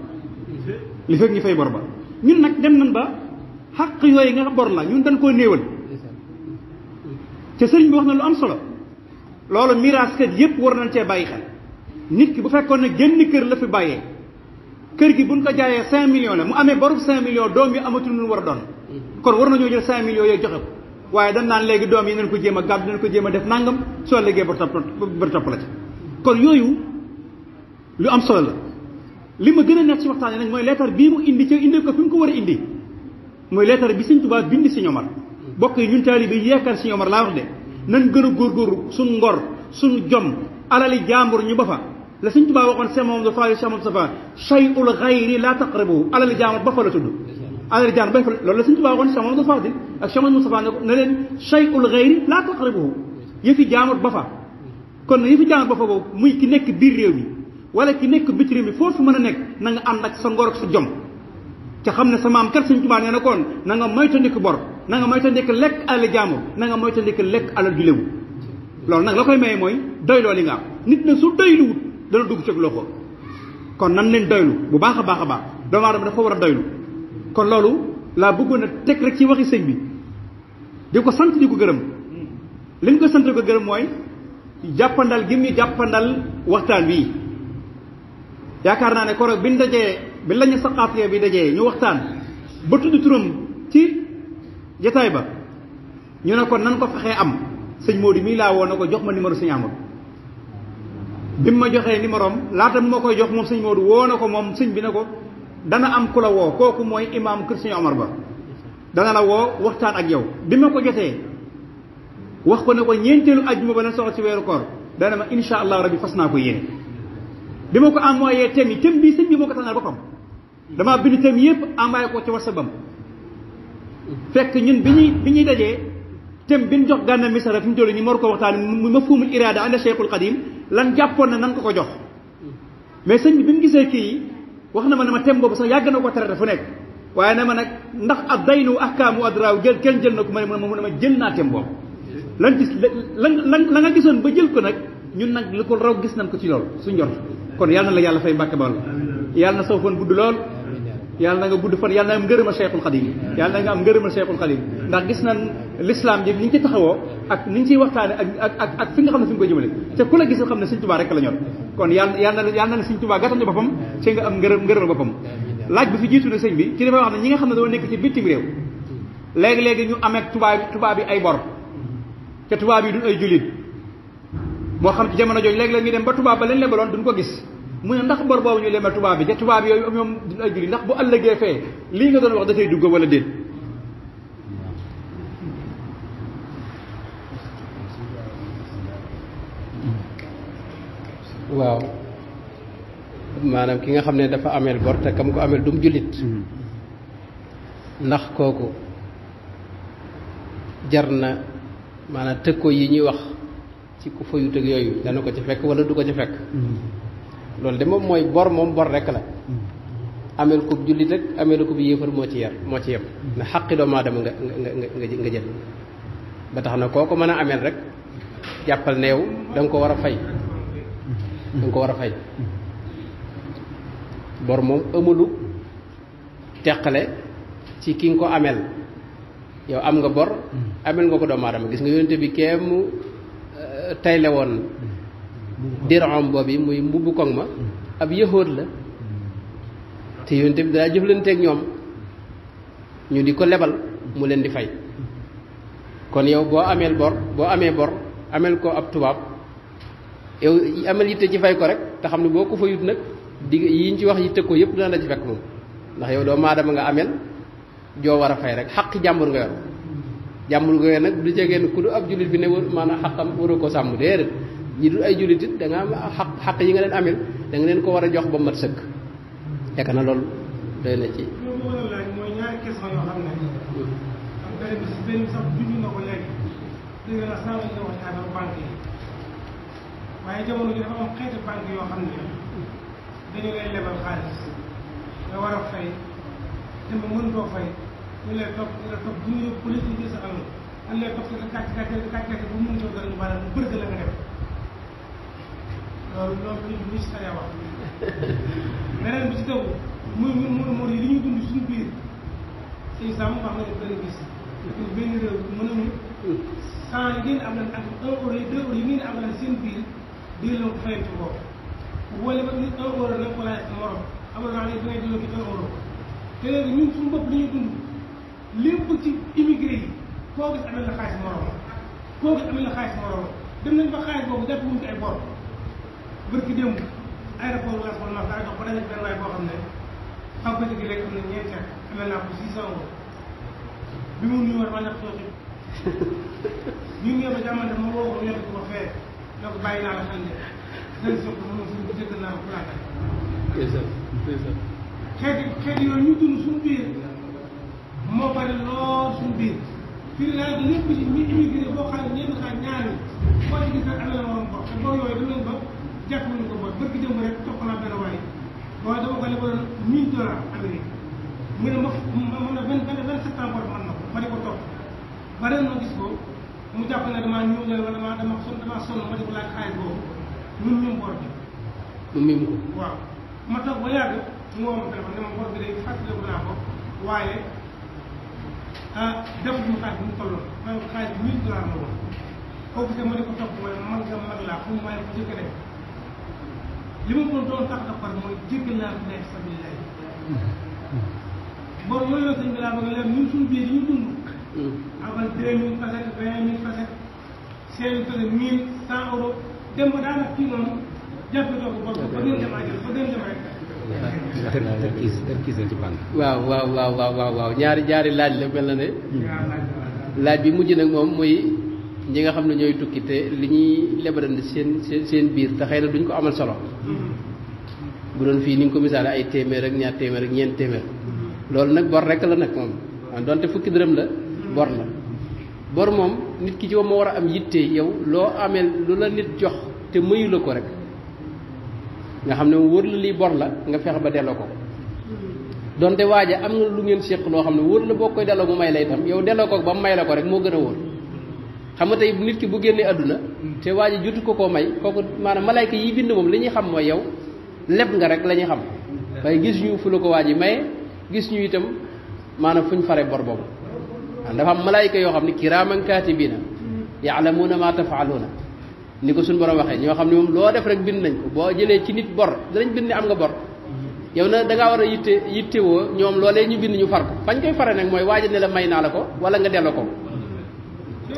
li fekk ñu fay bor ba ñun nag dem nañ ba xaq yooyu nga bor la ñun dañ koo néewal te sëriñ bi wax na lu am solo loolu miraaskat yépp war nañ cee bàyyi xel nit ki bu fekkoon ne génn kër la fi bàyyee kër gi buñ ko jaayee cinq millions la mu amee borub cinq millions doom yi amatul lu war a doon kon war nañoo jël cinq millions yooyu joxe ko waaye dañ naan léegi doom yi nañ ko jéem a gàddu nañ ko jéem a def nangam soo liggéey ba topp ba topp la ci kon yooyu lu am solo la li ma gën a nekk ci waxtaan yi nag mooy bii mu indi ca ko fi mu ko war a indi mooy leetar bi sëñ Tuubaa bind sëñ Omar bokk yi ñun taalibe yi yaakaar sëñ Omar laa wax de nan gën a góorgóorlu suñ ngor suñ jom alali jaambur ñu ba fa la sëñ Tuubaa waxoon seen moom dafa seen moom safa shay ul xayri laa taqrabu alali jaambur ba fa la tudd alali jaambur ba fa loolu la sëñ Tuubaa waxoon seen moom dafa di ak seen moom ne leen shay ul xayri laa taqrabu yëfi jaambur ba fa kon yëfi jaambur ba fa boobu muy ki nekk biir réew mi wala ki nekk bitim réew mi foofu mën a nekk na nga ànd ak sa ngor ak sa jom ca xam ne sa maam kat Sëñ Tuubaa nee na kon na nga moytandiku bor na nga moytandiku lekk alal jàmbur na nga moytandiku lekk alal ju loolu nag la koy maye mooy doyloo li nga am nit na su doyluwut dana dugg ci loxo kon nan leen doylu bu baax a baax a baax doomu aadama dafa war a doylu kon loolu laa bëggoon a teg rek ci waxi sëñ bi di ko sant di ko gërëm li ñu ko sant di ko gërëm mooy jàppandal gi mu jàppandal waxtaan bii yaakaar naa ne koroog bi ñu dajee bi lañu saqaafiya bi dajee ñu waxtaan ba tudd turam ci jataay ba ñu ne ko nan ko fexee am sëñ Modou mii laa woo na ko jox ma numéro sëñ Amadou bi mu ma joxee numéro am laata moo koy jox moom sëñ Modou woo na ko moom sëñ bi ne ko dana am ku la woo kooku mooy imaam kër sëñ amar ba dana la woo waxtaan ak yow bi ma ko jotee wax ko ne ko ñeenteelu ajjuma ba leen soxla ci weeru koor dana ma insha allah rabbi fas naa ko yéen bi ma ko envoyé thème yi thème bi sëñ bi moo ko tànnal boppam dama bind thème yépp envoyé ko ci whatsapp am fekk ñun bi ñuy bi ñuy dajee jox gànna misara fi mu toll mor ko waxtaan mu irada anda cheikhul qadim lan jàppoon na nan ko ko jox mais sëñ bi bi mu gisee kii wax na ma ne ma thème boobu sax yàgg na ko traité fu nekk waaye ne ma nag ndax ab daynu ahkaamu adraaw jël kenn jël na ma ma ma jël naa thème boobu lan gis lan la nga gisoon ba jël ko nag ñun nag lu ko raw gis nañ ko ci loolu su njort kon yàlla na la yàlla fay mbàkke baal yàlla na saw fan gudd lool yàlla na nga gudd fan yàlla na am ngërëmal Cheikhul Khadim yàlla na nga am ngërëmal Cheikhul Khadim ndax gis na l'islam ji ni ñu ci taxawoo ak ni ñu ciy waxtaane ak ak ak fi nga xam ne fi nga koy jëmale te ku la gis xam ne Sëriñ Tuubaa rek la kon yàlla yàlla na yàlla na Sëriñ Tuubaa gàttal ñu boppam ci nga am ngërëm ngërëmal boppam laaj bi fi jiitu na sëñ bi ci li wax ne ñi nga xam ne doo nekk ci bitim réew léegi-léegi ñu amee tubaab tubaab bi ay bor te tubaab yi ay jullit moo xam ci jamono jooju léeg-léeg ñu dem ba tubaab ba leen lebaloon duñ ko gis mu ne ndax bor boobu ñu lebal tubaab bi ca tubaab yooyu ñoom duñ ay julli ndax bu ëllëgee fee lii nga doon wax dafay dugg wala déet waaw maanaam ki nga xam ne dafa ameel bor te kam ko ameel du mu jullit ndax kooku jar na maanaam tëkko yi ñuy wax ci ku fayut ak yooyu dana ko ci fekk wala du ko ci fekk mm. loolu de moom mooy bor moom bor mm. rek la amel ko julit ak amel ko bi yéefar moo ci yar moo ci yem na xaqi doomu aadama nga nga nga nga jël ba tax na kooko mën a amel rek jàppal ne yow da nga ko war a fay da nga ko war a fay bor moom amulu teqale ci ki nga ko amel yow am nga bor mm. amel nga ko doomu aadama gis nga bi kéem tayle woon dirom bi muy mbubb koŋ ma ab yëhoot la te yonte bi daa jëflanteeg ñoom ñu di ko lebal mu leen di fay kon yow boo ameel bor boo amee bor ameel ko ab tubaab yow amel yitte ci fay ko rek te xam ne boo ko yut nag di yiñ ci wax yitte ko yëpp dana la ci fekk moom ndax yow doomu aadama nga amel joo war a fay rek xaq jàmbur nga yor Yang gooyee nag du jegeen ku du ab julit bi ne war maanaam xaqam waru ko sàmm déedéet ñi dul ay julit it da nga am xaq xaq yi nga leen amel da nga leen ko war jox ba mat sëkk yaakaar na loolu doy na ci waaye jamono ji dafa am xeeti banque yoo xam dañu lay lebal xaalis nga war fay te mu mën fay ñu lay topp ñu lay topp bu ñu yóbbu police ñu sa amul an lay topp sa kàcc kàcc kàcc kàcc bu mu mënul dara ñu baal mu bëri la nga def loolu loolu ñun ministère wax beneen bi ci taw muy muy mooy li ñu dund suñu biir say sàmm wax nga def benn gis pour benn réew mën a mu cent yi ngeen am lan ak un euro yi deux euro yi ngeen am lan seen biir di leen ko fayal ci bopp wala ba nit un euro na ko laaj sa morom amul naa ne da ngay delloo ki un euro te léegi ñun suñu bopp li ñuy dund lépp ci immigré yi koo gis amel na xaalis moroom koo gis amel na xaalis moroom dem nañ ba xaalis boobu def wuñ ko ay bor bërki démb aéroport bu Las Palmas daa jox ba dañu benn waay boo xam ne xaw ko dëgg rek am na ñeenti at amel naa ko six cent euros bi mu nuyu war ma nekk soo ñu ngi ma jàmmante ma woo ko ñëw ko ma fee ñoo ko bàyyi naa la xande dañ sopp mu suñu jëkk naa ko plaata xeeti xeeti yooyu ñu dund suñu biir moo bari lool suñu biir fii laa ko ñëpp ci ñi immigré boo xam ne ñenn mu ne ma ma na ko ma di ne damaa bi. mu mim ko naa ko waaye. ah defu ñu xaalis bu ñu tolloon man xaalis topp mooy mag mag laa xam waaye bu njëkk a li ma ko doon tax a far mooy jéggal naa fi nekk sa biir mooy la sëñ bi laa bëgg a leer ñun suñu biir yi ñu dund. Mm. amal 2000 facettes 20000 facettes 5000 facettes 1000 100 euros dem ba daanaka ko ko ba ngeen waaw waaw waaw waaw waaw ñaari ñaari laaj la mel na ne laaj bi mujj nag moom mooy ñi nga xam ne ñooy tukki te li ñuy lebalandi seen seen seen biir te xëy na duñ ko amal solo bu doon fii ni nga ko misaale ay téeméer ak ñaar téeméer ak ñeent téeméer loolu nag bor rek la nag moom waaw ah, donte fukki dërëm la bor la bor moom nit ki ci moom moo war a am yitte yow loo amee lu la nit jox te mayu ko rek nga xam ne mu wër la lii bor la nga fexe ba delloo ko donte waaja am na lu ngeen séq loo xam ne wër la boo koy delloo mu may la itam yow delloo ko ba mu may la ko rek moo gën a wóor xam nga tey nit ki bu génnee àdduna te waaja jotu ko may kooku maanaam malayka yi bind moom li ñuy xam mooy yow leb nga rek la ñuy xam waaye gis ñu fu ko waaji maye gis ñu itam maanaam fu ñu fare boobu dafa am malayka yoo xam ne kiraaman kaatibiina yaalamuuna maa tafaaluuna ni ko suñu borom waxee ñoo xam ne moom loo def rek bind nañ ko boo jëlee ci nit bor danañ bind ne am nga bor yow na da war a yitte yittewoo ñoom loolee ñu bind ñu far ko fañ koy fare nag mooy waaja ne la may naa ko wala nga delloo ko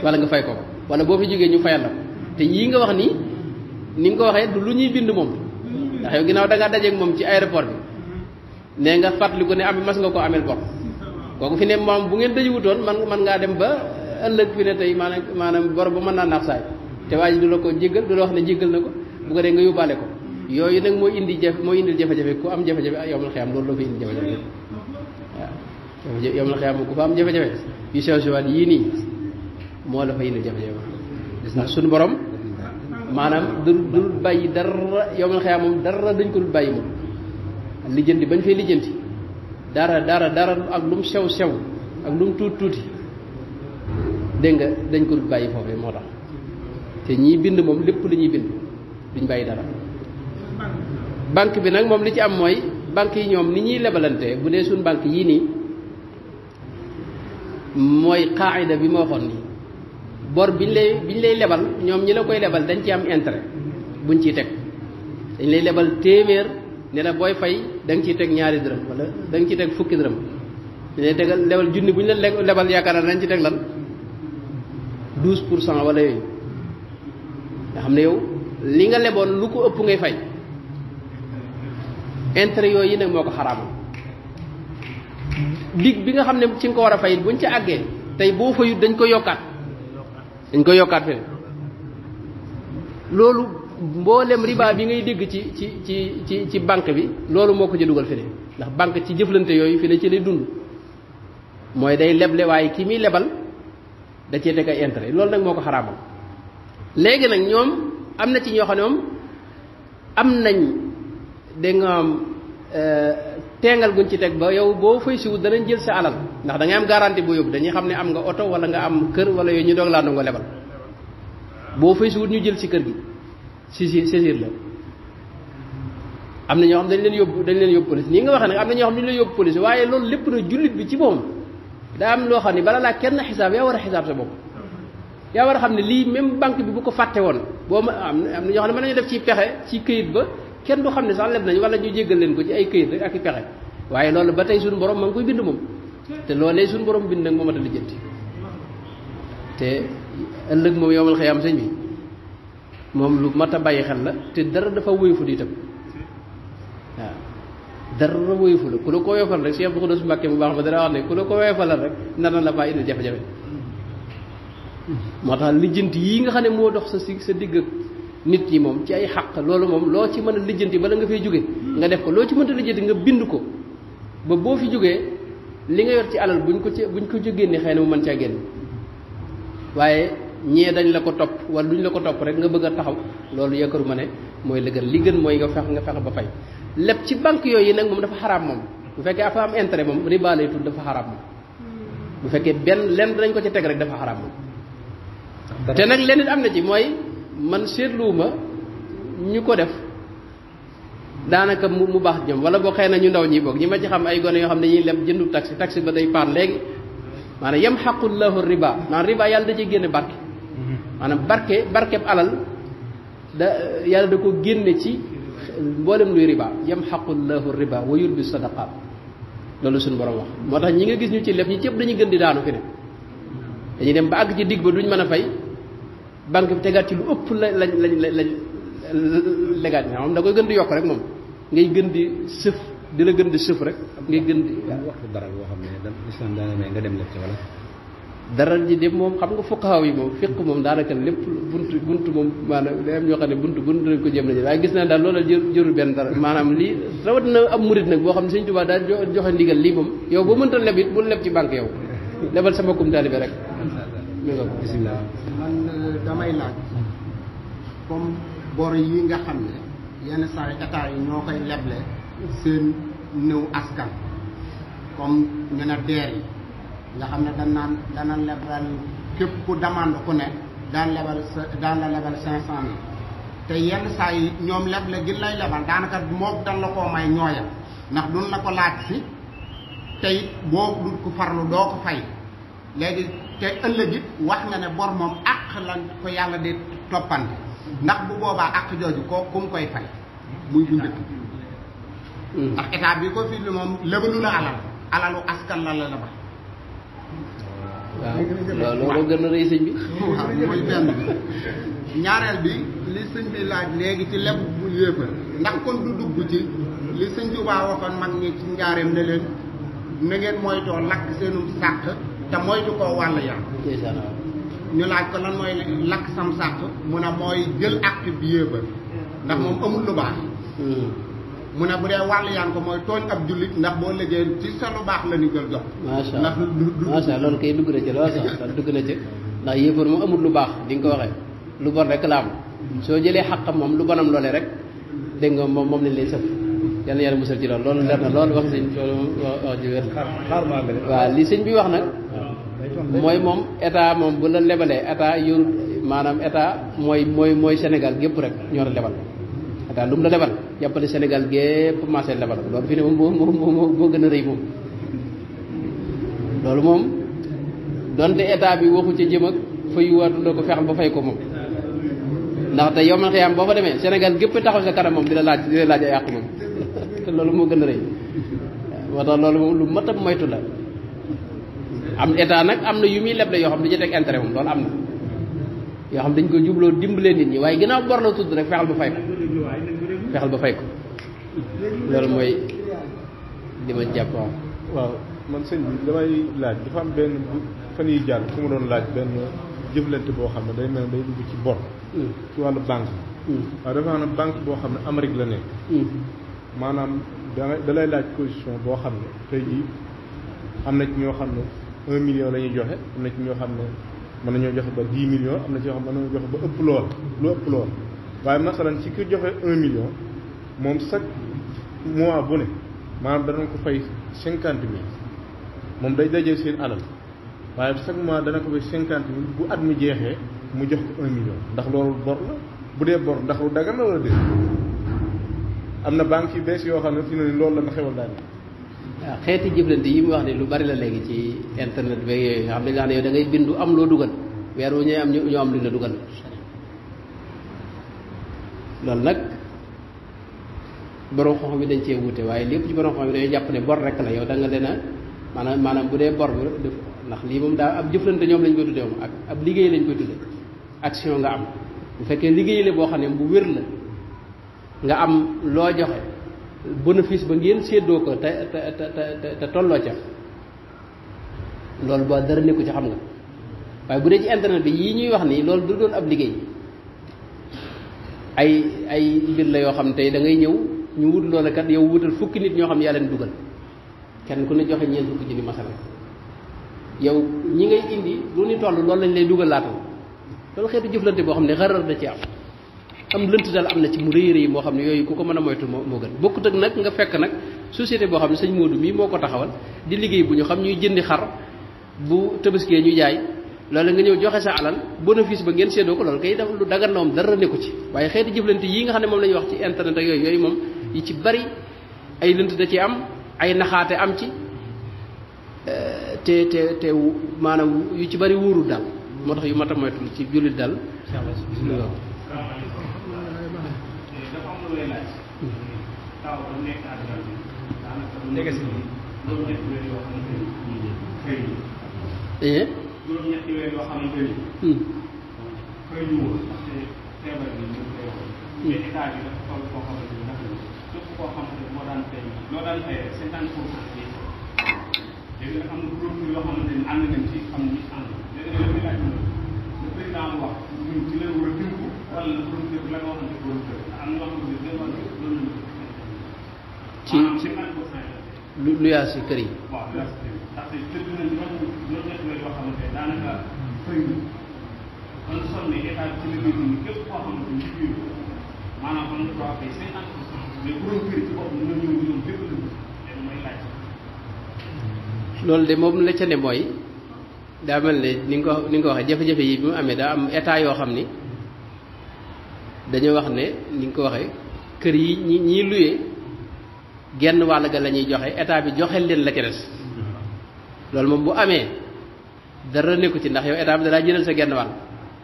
nga fay ko wala boo fi jógee ñu fayal la te yii nga wax nii ni nga ko waxee lu ñuy bind moom ndax yow ginnaaw da ngaa moom ci aéroport bi nee nga fàttali ko ne am mas nga ko amel bor kooku fi ne moom bu ngeen dajewutoon man man ngaa dem ba ëllëg fi ne tey maanaam maanaam bor ba mën naa naax te waaji du la ko du la wax ne jéggal bu ko dee nga yóbbaale ko yooyu indi jaf mooy indil jafe-jafe ku am jafe-jafe yowmal xiyam loolu la fa indi jafe-jafe waaw xiyam ku fa am jafe-jafe yu sew sewaan yii nii moo la fa indi jafe-jafe gis na suñu borom dul xiyam dara dañ ko dul bañ fay dara dara dara ak lum sew sew ak lum tuut tuuti dégg nga dañ ko dul te ñiy bind moom lépp lañuy bind duñ bàyyi dara banque bi nag moom li ci am mooy banque yi ñoom ni ñuy lebalante bu dee suñ banque yii nii mooy qaayida bi ma waxoon nii bor biñ lay biñ lay lebal ñoom ñi la koy lebal dañ ci am intérêt buñ ciy teg dañ lay lebal téeméer ne la booy fay da nga ciy teg ñaari dërëm wala da nga ciy teg fukki dërëm dañ lay tegal lebal junni bu ñu la lebal yaakaar naa dañ ci teg lan douze pour cent wala nga xam ne yow li nga leboon lu ko ëpp ngay fay intérêt yooyu nag moo ko xaraamal dig bi nga xam ne ci nga ko war a fay buñ ci àggee tey boo fayut dañ ko yokkaat dañ ko yokkaat feneen loolu mboolem ribaa bi ngay dégg ci ci ci ci ci banque bi loolu moo ko jël dugal feneen ndax banque ci jëflante yooyu fi ne ci lay dund mooy day leble waaye ki muy lebal da cee teg ay loolu nag moo ko xaraamal léegi nag ñoom am na ci ñoo xam ne am nañ da am euh, teengal guñ ci teg ba yow boo fay siwu danañ jël sa alal ndax da am garantie boo yóbbu dañuy xam ne am nga oto wala nga am kër wala yooyu ñu doog laa nga lebal boo fay siwut ñu jël si kër gi saisir saisir la am na ñoo xam dañ leen yóbbu dañ leen yóbbu police nii nga waxee nag am na ñoo xam dañ leen yóbbu police waaye loolu lépp na jullit bi ci moom daa am loo xam ne bala laa kenn xisaab yaa war a xisaab sa ya war a xam ne lii même banque bi bu ko fàtte woon boo am am na ñoo xam ne mën nañu def ci pexe ci këyit ba kenn du xam ne sax leb nañ wala ñu jéggal leen ko ci ay këyit rek ak i pexe loolu ba suñu borom ma ngi koy bind moom te loolee suñu borom bind nag moomata lijjanti te ëllëg moom yowmal xiyam sëñ bi moom lu mat a xel la te dara dafa wóyuful di waaw dara wóyuful ku la ko woyofal rek Cheikh Abdou Khoudoss baax ma dara wax ne ku la ko woyofalal rek nana la faa indi motax lijeenti yi nga xamne mo dox sa sa digg nit yi mom ci ay xaq loolu mom loo ci mën a bala nga fay jóge nga def ko loo ci mënta lijjanti nga bind ko ba boo fi jógee li nga yor ci alal buñ ko ci buñ ko jógee ni xëy na mu mën caa génn waaye ñee dañ la ko topp wala duñ la ko topp rek nga bëgg a taxaw loolu yëkkaru ma ne mooy lëgën li gën mooy nga fex nga fex ba fay leb ci banque yooyu nag moom dafa xaraam moom bu fekkee afa am intérêt moom riba lay tudd dafa xaraam moom bu fekkee benn lenn dañ ko ci teg rek dafa xaraam moom te nag leneen am na ci mooy man seetluwuma ñu ko def daanaka mu mu baax jëm wala boo xëy na ñu ndaw ñi boog ñi ma ci xam ay gone yoo xam ne ñuy lem jëndu taxi taxi ba day paan léegi maanaam yam xaqullahu riba maanaam riba yàlla da cee génne barke mm-hmm. maanaam barke barkeb alal da yàlla da ko génne ci mboolem luy riba yam xaqullahu riba wa yurbi sadaqaat loolu suñu borom wax moo tax ñi nga gis ñu ci lef ñi cëpp dañuy gën di daanu fi ne dañuy dem ba àgg ci digg ba duñ mën a fay banque bi tegaat ci lu ëpp la lañ lañ lañ legaat bi moom da gën di yokk rek moom ngay gën di sëf di la gën di sëf rek ngay gën di waxtu xam ne islam daana may nga dem leb ci wala dara ji de moom xam nga fuqaaw yi moom fiq moom daanaka lépp bunt bunt moom maanaam day am ñoo xam ne bunt buntu lañ ko jéem nañu waaye gis naa daal loolal jë jërul benn dara maanaam lii rawat na ab murit nag boo xam ne Sëñ Tuubaa daal joxe ndigal lii moom yow boo mënta leb it bul leb ci banque yow lebal sama kum taalibe rek bisimilah. man euh, damay laaj comme bor yi nga xam ne yenn saa yi état yi ñoo koy leble seen néew askan comme ñu ne DER yi nga xam ne dañ naan dana lebal képp ku demande ku ne daan lebal sa daan la lebal cinq cent te yenn saa yi ñoom leble gi lay lebal daanaka moom dan la koo may ñooyam ndax duñ la ko laaj si tey boo du ko farlu doo ko fay léegi te ëllëg it wax na ne bor moom àq la ko yàlla di toppante ndax bu boobaa àq jooju ko ku mu koy fay muy bu njëkk hmm. ndax état bi ko fi li moom lébalu la alal alalu askan la la la ba waaw loolu gën a rëy sëñ bi waaw benn ñaareel bi li sëñ bi laaj léegi ci leb bu yéefar ndax kon du dugg ci li sëñ bi waa mag ñi ci njaareem ne leen na ngeen moytoo lakk seenum sàq te moytu koo wàll yaram ñu laaj ko lan mooy lakk sam sàpp mu ne mooy jël acte bi moom hmm. amul lu baax hmm. mu ne bu dee wàll yaan ko mooy tooñ ab jullit ndax boo liggéey ci sa lu baax la ñu jël jox macha allah macha allah loolu kay dugg na ci loolu na ci ndax yéefar lu baax di nga ko waxee lu bon rek la am soo jëlee xàqam moom lu bonam loolee rek dégg nga moom moom lañ lay sëf yal na yàlla musal ci loolu leer na loolu wax sëñ loolu wax ji wér bi wax nag mooy moom état moom bu la lebalee état yoru maanaam état mooy mooy mooy Sénégal gépp rek ñoo la lebal état lu mu la lebal jàppale Sénégal gépp marché lebal loolu fi ne moom moo gën a rëy moom loolu moom donte état bi waxu ca jëm ak fayu waatu la ko fexal ba fay ko moom ndax te yow man xiyaam boo fa demee Sénégal gépp taxaw sa kanam moom di la laaj di la laaj ay àq moom te loolu moo gën a rëy moo loolu moom lu matam a moytu la am état nag am na yu muy leble yoo xam ne teg intérêt moom loolu am na yoo xam dañ ko jubloo dimbalee nit ñi waaye ginnaaw bor la tudd rek fexal ba fay ko fexal ba fay ko loolu mooy li jàpp waaw man sëñ bi damay laaj dafa am benn fan yi jàll ku ma doon laaj benn jëflante boo xam ne day mel ne day dugg ci bor hmm. ci wàllu banque hmm. waaw dafa am banque boo xam ne Amérique la ne hmm. maanaam da dalay laaj position boo xam ne tey jii am na ñoo xam ne 1 million la ñuy joxe am na ci ñoo xam ne mën nañoo joxe ba 10 millions am na ci ñoo xam ne mën nañoo joxe ba ëpp lool lu ëpp lool waaye masalan ci ku joxe 1 million moom chaque moi bu ne maanaam danañ ko fay 50 mille moom day dajee seen alal waaye chaque mois dana ko fay 50 mille bu at mi jeexee mu jox ko 1 million ndax loolu bor la bu dee bor ndax lu dagan la wala déet am na banque yu bees yoo xam ne fi ne loolu la na xewal daal waaw xeeti jëflante yi mu wax ne lu bari la léegi ci internet beeg yooyu nga xam ne nga xam ne yow da ngay bindu am loo dugal weer wu ñuy am ñu am lu ñu la dugal loolu nag borom xam-xam bi dañ cee wuute waaye lépp ci borom xam bi dañuy jàpp ne bor rek la yow da nga leen a maanaam maanaam bu dee bor bi ndax lii moom daa ab jëflante ñoom lañ koy tuddee moom ak ab liggéey lañ koy tuddee action nga am bu fekkee liggéey la boo xam ne bu wér la nga am loo joxe. bénéfice ba ngeen séddoo ko te te te tolloo ca loolu ba dara nekku ci xam nga waaye bu dee ci internet bi yii ñuy wax nii loolu du doon ab liggéey ay ay mbir la yoo xam tey da ngay ñëw ñu wut loola kat yow wutal fukki nit ñoo xam ne yàlla leen dugal kenn ku ne joxe ñeent fukki junni masala yow ñi ngay indi lu ñu toll loolu lañ lay dugal laatal loolu xeetu jëflante boo xam ne xarar da ci am am lënt dal am na ci mu réy réy moo xam ne yooyu ku ko mën a moytu moo gën bokkut ak nag nga fekk nag société boo xam ne sëñ Modou mii moo taxawal di liggéey bu ñu xam ñuy jëndi xar bu tëbaskee ñu jaay loolu nga ñëw joxe sa alal bénéfice ba ngeen séedoo ko loolu kay dafa lu dagan moom dara nekku ci waaye xeeti jëflante yi nga xam ne moom la ñuy wax ci internet ak yooyu yooyu moom yi ci bari ay lënt da ci am ay naxaate am ci euh, te te te maanaam yu ci bari wóorul daal moo yu mat a ci jullit daal. incha allah ngay laaj. taw ba a ci lu luyaas si kër yi maanaam kon nga doon fay cinquante pour cent mais bu doon kër ci bopp mën na ñëw ñu doon bépp lu mooy laaj loolu de moom la ca ne mooy daa mel ne ni nga ni nga waxee jafe-jafe yi bi mu amee daa am état yoo xam ni dañoo wax ne ni ko waxee kër yi ñi ñi luye genn wàll ga la ñuy joxe état bi joxe leen la ca des loolu moom bu amee dara nekku ci ndax yow état bi dalaa jëlal sa genn wàll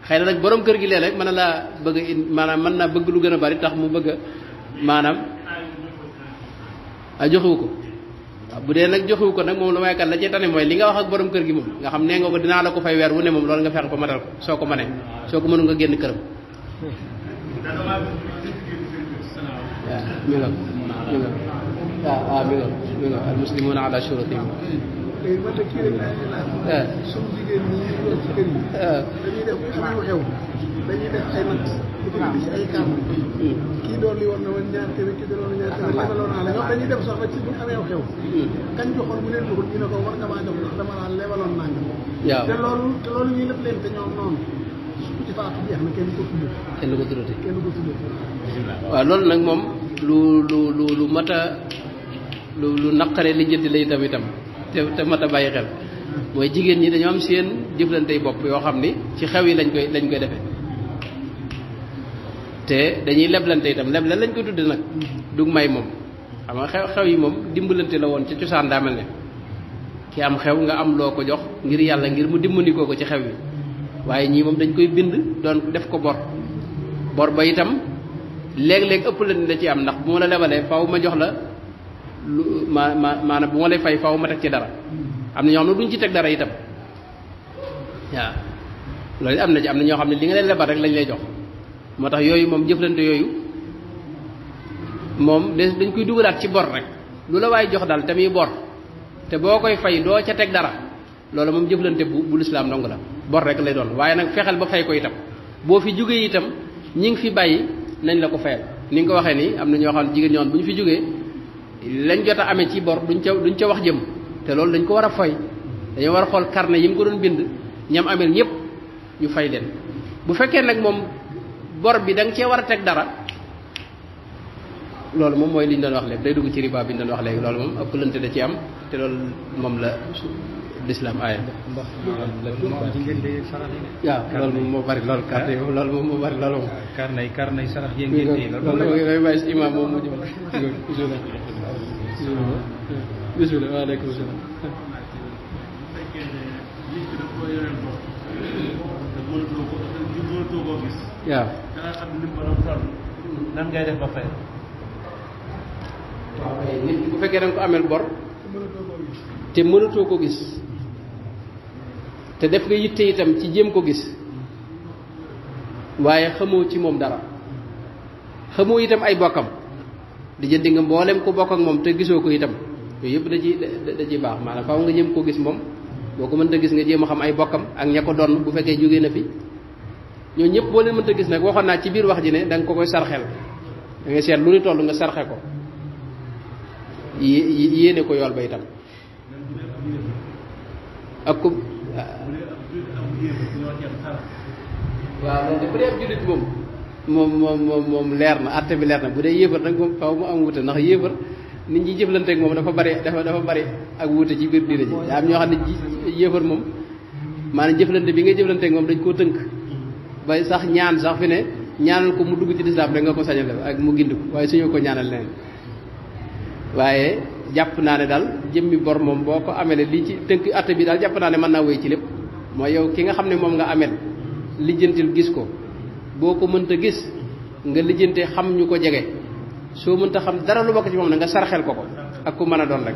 xëy na nag borom kër gi léeg-léeg mën laa bëgg maanaam mën naa bëgg lu gën a bari tax mu bëgg maanaam a ah, joxewu ko bu dee nag joxewu ko nag moom lu may kat la ci tane mooy li nga wax ak borom kër gi moom nga xam nee nga ko dinaa la ko fay weer wu ne moom loolu nga fexe ko matal ko soo ko mënee soo ko mënu nga génn këram mi ngi mi ngi ah, waaw ah, waaw mi ngi mi ngi al muslimuuna ala shurutihim suñu eh. jigéen eh. ñi ñu toog ci hmm. kër yi. dañuy def bu xew dañuy def ay natt. waaw ci ay kàmm. kii doon li woon na woon ñaar kër kii doon ñaar kër lebaloon naa la ñoom dañuy def sax ba ci bu ñu amee xew. kañ joxoon bu leen dugg ñu ne ko war nga maa jox ndax dama naan lebaloon naa nga. waaw te loolu te loolu ñuy lépp leen te ñoom noonu. su ci faatu jeex na kenn du ko tudd. kenn du ko tuddati kenn du ko tuddati. waaw loolu nag moom. lu lu lu lu mat a lu lu naqare li jënd lay itam itam te te mat a bàyyi xel mooy jigéen ñi dañoo am seen jëflantey bopp yoo xam ni ci xew yi lañ koy lañ koy defe te dañuy leblante itam leble lañ koy tudde nag dug may moom xam nga xew xew yi moom dimbalante la woon ci cosaan daa mel ne ki am xew nga am loo ko jox ngir yàlla ngir mu dimbalikoo ko ci xew yi waaye ñii moom dañ koy bind doon def ko bor bor ba itam léeg-léeg ëpp la ni la ci am ndax bu ma la lebalee faw ma jox la lu ma ma maanaam bu ma lay fay faw ma teg ci dara am na ñoo xam ne duñ ci teg dara itam waaw loolu am na ci am na ñoo xam ne li nga leen lañ lay jox moo tax yooyu moom jëflante yooyu moom dañ koy dugalaat ci bor rek lu la waay jox daal te muy te boo koy fay doo ca teg dara loolu moom jëflante bu bu lislaam la bor rek lay doon waaye nag fexeel ba fay ko itam boo fi jógee itam ñi ngi fi bàyyi nañ la ko fayal ni nga ko waxee nii am na ñoo xam ne jigéen ñoon bu ñu fi jógee lañ jot a ci bor duñ ca duñ ca wax jëm te loolu dañ ko war fay dañoo carnet ko doon bind ñam amel ñëpp ñu fay leen bu fekkee nag bor bi da nga cee war a teg dara loolu moom mooy liñ doon wax léegi day dugg ci riba bi ñu doon wax loolu da ci am loolu la lislaam aaye waaw loolu moom moo bari lool carte yi loolu moom moo bari loolu karnay karnay sarax yi ngeen di loolu bàyyi si imam moom mu jëmal bismillah bismillah waaleykum salaam waaw nan ngay def ba fay nit bu fekkee da ko amel bor te mënatoo ko gis te def nga yitte itam ci jéem ko gis waaye xamoo ci moom dara xamoo itam ay bokkam di jëndi nga mboolem ku bokkak moom te gisoo ko itam yooyu yëpp da ci da ci baax maanaam nga jéem koo gis moom boo ko mënta gis nga jéem a xam ay bokkam ak ña ko doon bu fekkee jógee na fi ñooñ ñëpp boo leen mënta gis nag waxoon naa ci biir wax ji ne danga ko koy sarxel da ngay seet lu ni toll nga sarxe ko yéene ko yool ba itam ak ko waaw loolu bu dee ab jullit moom moom moom moom moom leer na àtte bi leer na bu dee yéefar nag moom faw mu am wuute ndax yéefar nit ñi jëflanteeg moom dafa bari dafa dafa bari ak wuute ci biir diine ji daa am ñoo xam ne yéefar moom ne jëflante bi nga jëflanteeg moom dañ koo tënk ba sax ñaan sax fi ne ñaanal ko mu dugg ci lislaam da nga ko sañal ak mu gind ko waaye suñu ko ñaanal leneen waaye jàpp naa ne daal jëmmi bor moom boo ko amele li ci tënk atte bi daal jàpp naa ne mën naa wéy ci lépp mooy yow ki nga xam ne moom nga amel lijjantil gis ko boo ko mënta gis nga lijjante xam ñu ko jege soo mënta xam dara lu bokk ci moom na nga sarxel ko ko ak ku mën a doon rek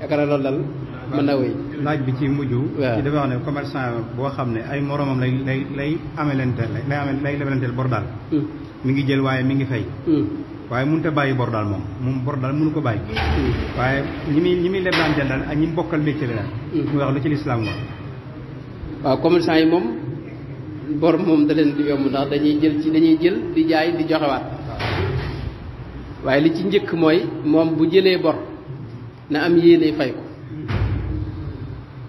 yaakaar naa loolu daal mën na wéy laaj bi ci mujj ci dafa wax ne commerçant boo xam ne ay moroomam lay lay lay amelanteel lay amelanteel bor daal mu hmm. ngi jël waaye mi ngi fay hmm. waaye mënut a bàyyi bor daal moom moom bor daal munu ko bàyyi. waaye ñi muy ñi muy leb daan jël daal ak ñi bokkal métier la daal. mu wax lu ci lislaam wax. waaw commerçant yi moom bor moom da leen di yomb ndax dañuy jël ci dañuy jël di jaay di joxewaat waaye li ci njëkk mooy moom bu jëlee bor na am yéene fay ko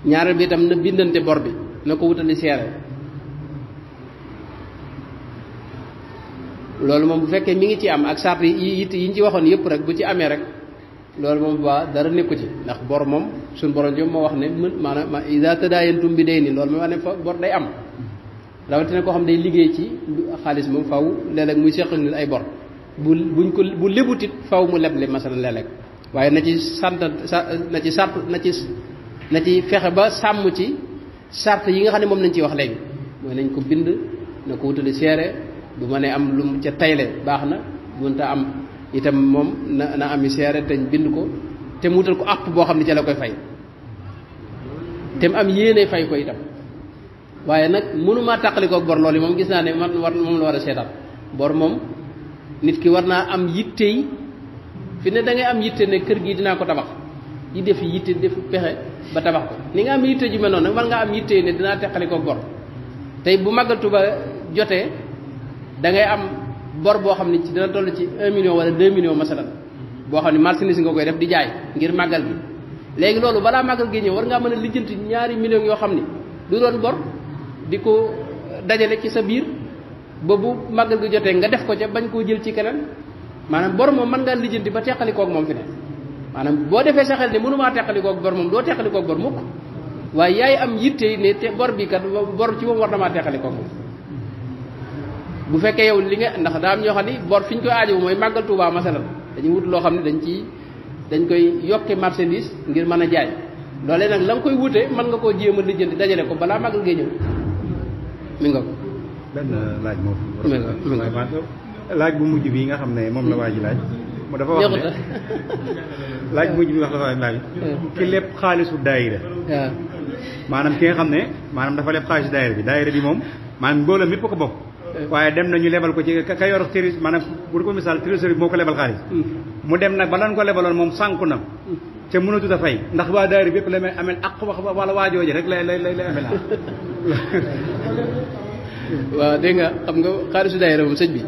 ñaareel bi itam na bindante bor bi na ko wutali seere loolu moom bu fekkee mi ngi ci am ak sart yi it yi ñu ci waxoon yëpp rek bu ci amee rek loolu moom waa dara nekku ci ndax bor moom suñu borom jom moo wax ne mën maanaam iza tadaayantum bi daynin loolu moo wax ne fa bor day am rawatina koo xam day liggéey ci xaalis moom faw léeg-léeg muy seqal nit ay bor bu buñ ko bu lebutit faw mu leble masalan léeg-léeg waaye na ci sant na ci sart na ci na ci fexe ba sàmm ci sart yi nga xam ne moom lañ ciy wax léegi mooy nañ ko bind na ko wutali seere bu ma ne am lu mu ca tayle baax na mënta am itam moom na na ami seere bind ko te mu ko àpp boo xam ne ca la koy fay te mu am yéene fay ko itam waaye nag mënumaa tàqali ko bor loolu moom gis naa ne man war moom la war a seetaat moom nit ki war naa am yitte yi fi ne da am yitte ne kër gii dinaa ko tabax yi def yitte def pexe ba tabax ni nga am yitte ju mel noonu nag war nga am yitte ne dinaa teqali ko bor tey bu màggal Tuuba jotee da ngay am bor boo xam ne ci dana toll ci 1 million wala 2 million masalan boo xam ne marchandise nga koy def di jaay ngir màggal gi léegi loolu balaa màggal gi ñëw war ngaa mën a lijjanti ñaari millions yoo xam ne du doon bor di ko dajale ci sa biir ba bu màggal gi jotee nga def ko ca bañ koo jël ci keneen maanaam bor moom mën ngaa lijjanti ba teqali koog moom fi ne maanaam boo defee sa xel ne mënumaa teqali koog bor moom doo teqali koog bor mukk waaye yaay am yitte ne te bor bi kat bor ci moom war na maa teqali koog moom bu fekkee yow li nga ndax daa am ñoo xam ni bor fi ñu koy aajowu mooy màggal Tuubaa masalan dañuy wut loo xam ne dañ ci dañ koy yokke marchandise ngir mën a jaay loolee nag la koy wute mën nga koo jéem a lijjanti dajale ko balaa màggal ngay ñëw nga ko benn laaj moo laaj bu mujj bi nga xam ne moom la waa ji laaj mu dafa wax ne laaj bu mujj bi lépp xaalisu daayira maanaam ki nga xam ne maanaam dafa lépp xaalisu daayira bi daayira bi moom maanaam mbooloo mépp ko bokk waaye dem nañu lebal ko ci ka yor tris maanaam bu ko misaal trésorier moo ko lebal xaalis hmm. mu dem nag ba lan ko lebaloon moom sànku na te hmm. mënatut a fay ndax waa daari bépp la may amel ak wax wala waajooji rek lay lay lay lay amel waaw nga xam nga xaalisu daayira moom sëñ bi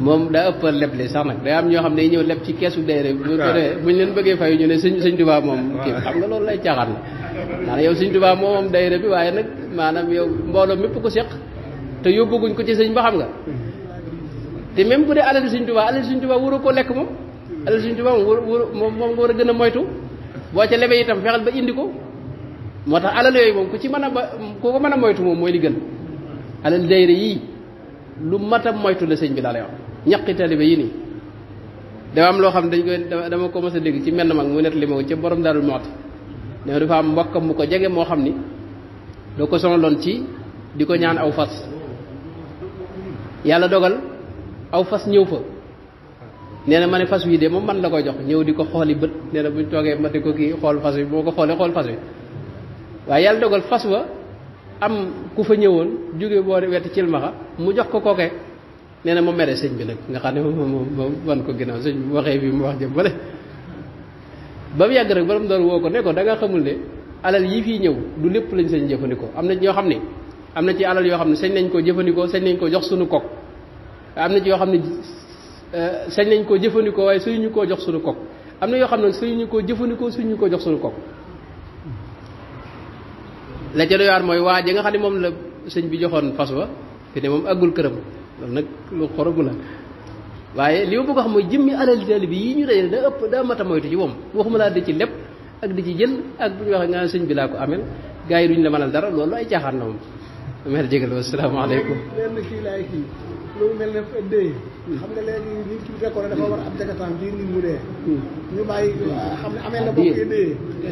moom daa ëpp leble sax nag day am ñoo xam ne ñëw leb ci keesu daayira bi bu buñ leen bëggee ñu ne sëñ sëñ Tuubaa moom kii xam nga lay caaxaan la maanaam waaye nag maanaam yow mbooloo mépp ko seq te yóbbaguñ ko ci sëñ ba xam nga te même bu dee alal sëñ tuba alal sëñ tuba wuro ko lekk moom alal sëñ tuba moom moom wuro war a gën a moytu boo ca lebe itam fexal ba indi ko moo tax alal yooyu moom ku ci mën a ba ku ko mën a moytu moom mooy li gën alal dayre yii lu mat a moytu la sëñ bi daal wax ñaqi talibe yi nii dafa am loo xam dañ koy dama ko mos dégg ci menn mag mu net li ma borom daarul moot ne dafa am mbokkam mu ko jege moo xam ni da ko sonaloon ci di ko ñaan aw fas yàlla dogal aw fas ñëw fa nee na ma ne fas wi de moom man la koy jox ñëw di ko xooli bët nee bu buñ toogee ma di ko kii xool fas wi boo ko xoolee xool fas wi waaye yàlla dogal fas wa am ku fa ñëwoon jóge boo weti cilmaxa mu jox ko kookee nee na mu mere sëñ bi nag nga xam ne moom moom wan ko ginnaaw sëñ bi waxee bi mu wax jëm bale ba mu yàgg rek borom doon woo ko ne ko da nga xamul ne alal yi fii ñëw du lépp lañ sëñ jëfandikoo am na ñoo xam ne am na ci alal yoo xam ne sañ nañ koo jëfandikoo sañ nañ koo jox suñu kok am na ci yoo xam ne euh, sañ nañ koo jëfandikoo waaye suñu koo jox suñu kok am na yoo xam ne suñu koo jëfandikoo suñu koo jox suñu kok la ca doyaar mooy waa ji xam ne moom la sëñ bi joxoon fas wa fi ne moom àggul këram loolu nag lu xoromu la waaye li ma bëgg a xam mooy jëmmi alal taali bi yi ñu dajale da ëpp daa mat a moytu ci moom waxuma laa di ci lépp ak di ci jël ak bu ñu wax nga suñ bi laa ko amel gaa yi duñ la mënal dara loolu ay caaxaan la moom mère jégal wa salaamaaleykum lenn kii laay nga léegi nit ki fekkoon hmm. ah,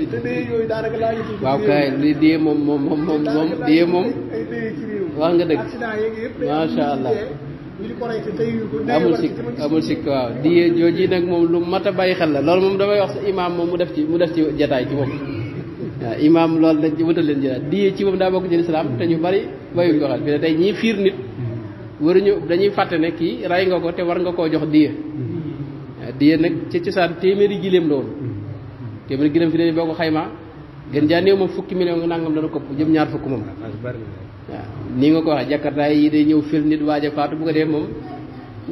ah, waaw kay li dee moom moom moom moom moom ci réew wax nga dëgg accident allah amul sikk amul sikk waaw diye jooji nag moom lu mat a bàyyi xel la loolu moom damay wax sa imaam moom mu def ci mu def ci jataay ci moom waaw imaam loolu dañ ci wutal leen jataay diye ci moom daa bokk ci lislaam te ñu bari mayu goxal fi ne tey ñii fiir nit waruñu dañuy fàtte ne kii rey nga ko te war nga koo jox diye mm-hmm. diye nag ci cosaan téeméeri giléem la woon mm-hmm. téeméeri giléem fi ne boo ko xaymaa fukki million nga nangam dana kopp jëm ñaar fukk moom ah, waaw nga ko waxee jakartaay yi day ñëw fiir nit waaja faatu bu ko dee moom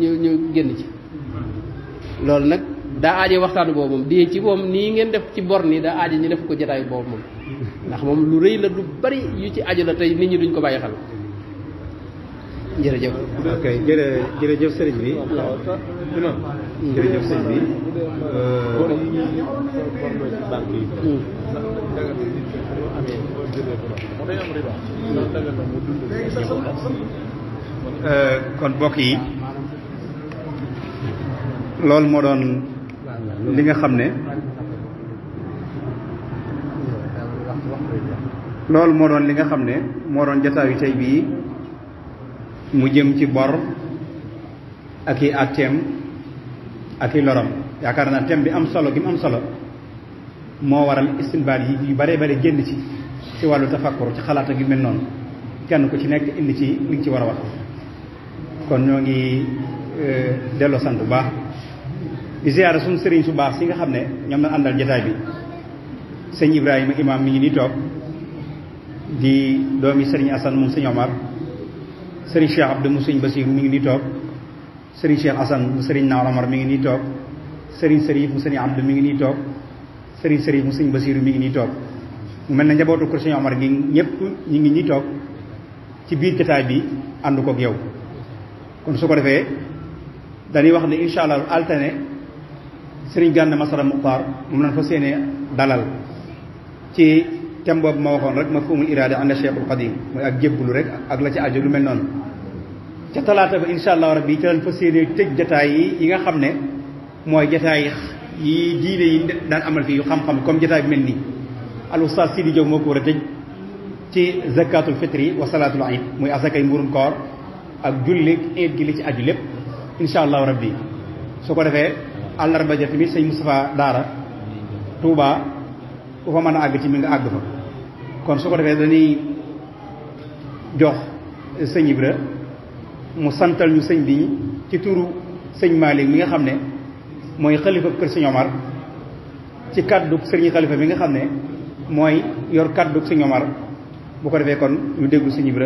ñu ñu génn ci mm-hmm. loolu nag daa aaje waxtaan boobu moom diye ci moom nii ngeen def ci bor nii daa aaje ñu def ko jataayu boobu moom ndax moom lu rëy la lu bari yu ci aju la tey nit ñi duñ ko bàyyi xel. jërëjëf. ok jërëjëf sëriñ bi. jërëjëf sëriñ bi. Euh, kon mbokk yi loolu moo doon li nga xam ne. loolu moo doon li nga xam ne moo doon jataayu tey bii mu jëm ci bor ak i atteem ak i loram yaakaar naa tem bi am solo gi mu am solo moo waral istinbaat yi yu bare bare génn ci ci wàllu tafakkur ci xalaat ak mel noonu kenn ku ci nekk indi ci li nga ci war a wax kon ñoo ngi euh, delloo sant bu baax di ziyaara suñu sëriñ su baax si nga xam ne ñoom na àndal jataay bi sëñ Ibrahima imaam mi ngi nii toog di doomi sëriñ Assane moom sëñ Omar sëriñ Cheikh Abdou mu sëñ Basir mi ngi nii toog sëriñ Cheikh Assane mu sëriñ Naar Omar mi ngi nii toog sëriñ Sërif mu sëriñ mi ngi nii toog sëriñ Sërif mu sëñ Basir mi ngi nii toog mu mel na njabootu ko sëñ Omar gi ñëpp ñu ngi nii toog ci biir jotaay bi ànd koog yow kon su ko defee dañuy wax ne incha allah alterné sëriñ Gana Mesere Muxtaar moom lañ fa séenee dalal ci. tem boobu ma waxoon rek ma fi umul iraada ànd cheikhul xadim mooy ak jébbulu rek ak la ci aju lu mel noonu ca talaata ba insha allah rabbi ci lañ fa séenee tëj jataay yi nga xam ne mooy jataay yi diine yi daan amal fii yu xam-xam comme jataay bi mel nii al oustaz Sidi Diop moo ko war a tëj ci zakatul fitri wa salatul aid muy asakay mburum koor ak julli eet gi li ci aju lépp insha allah rabbi su ko defee àllarba ja tamit sëñ ku fa mën a àgg ci mi nga àgg fa kon su ko defee dañuy jox sëñ Ibra mu santal ñu sëñ bi ci turu sëñ Malick mi nga xam ne mooy xalifa kër sëñ Omar ci kàddu sëriñ xalifa mi nga xam ne mooy yor kàddu sëñ bu ko defee kon ñu déglu sëñ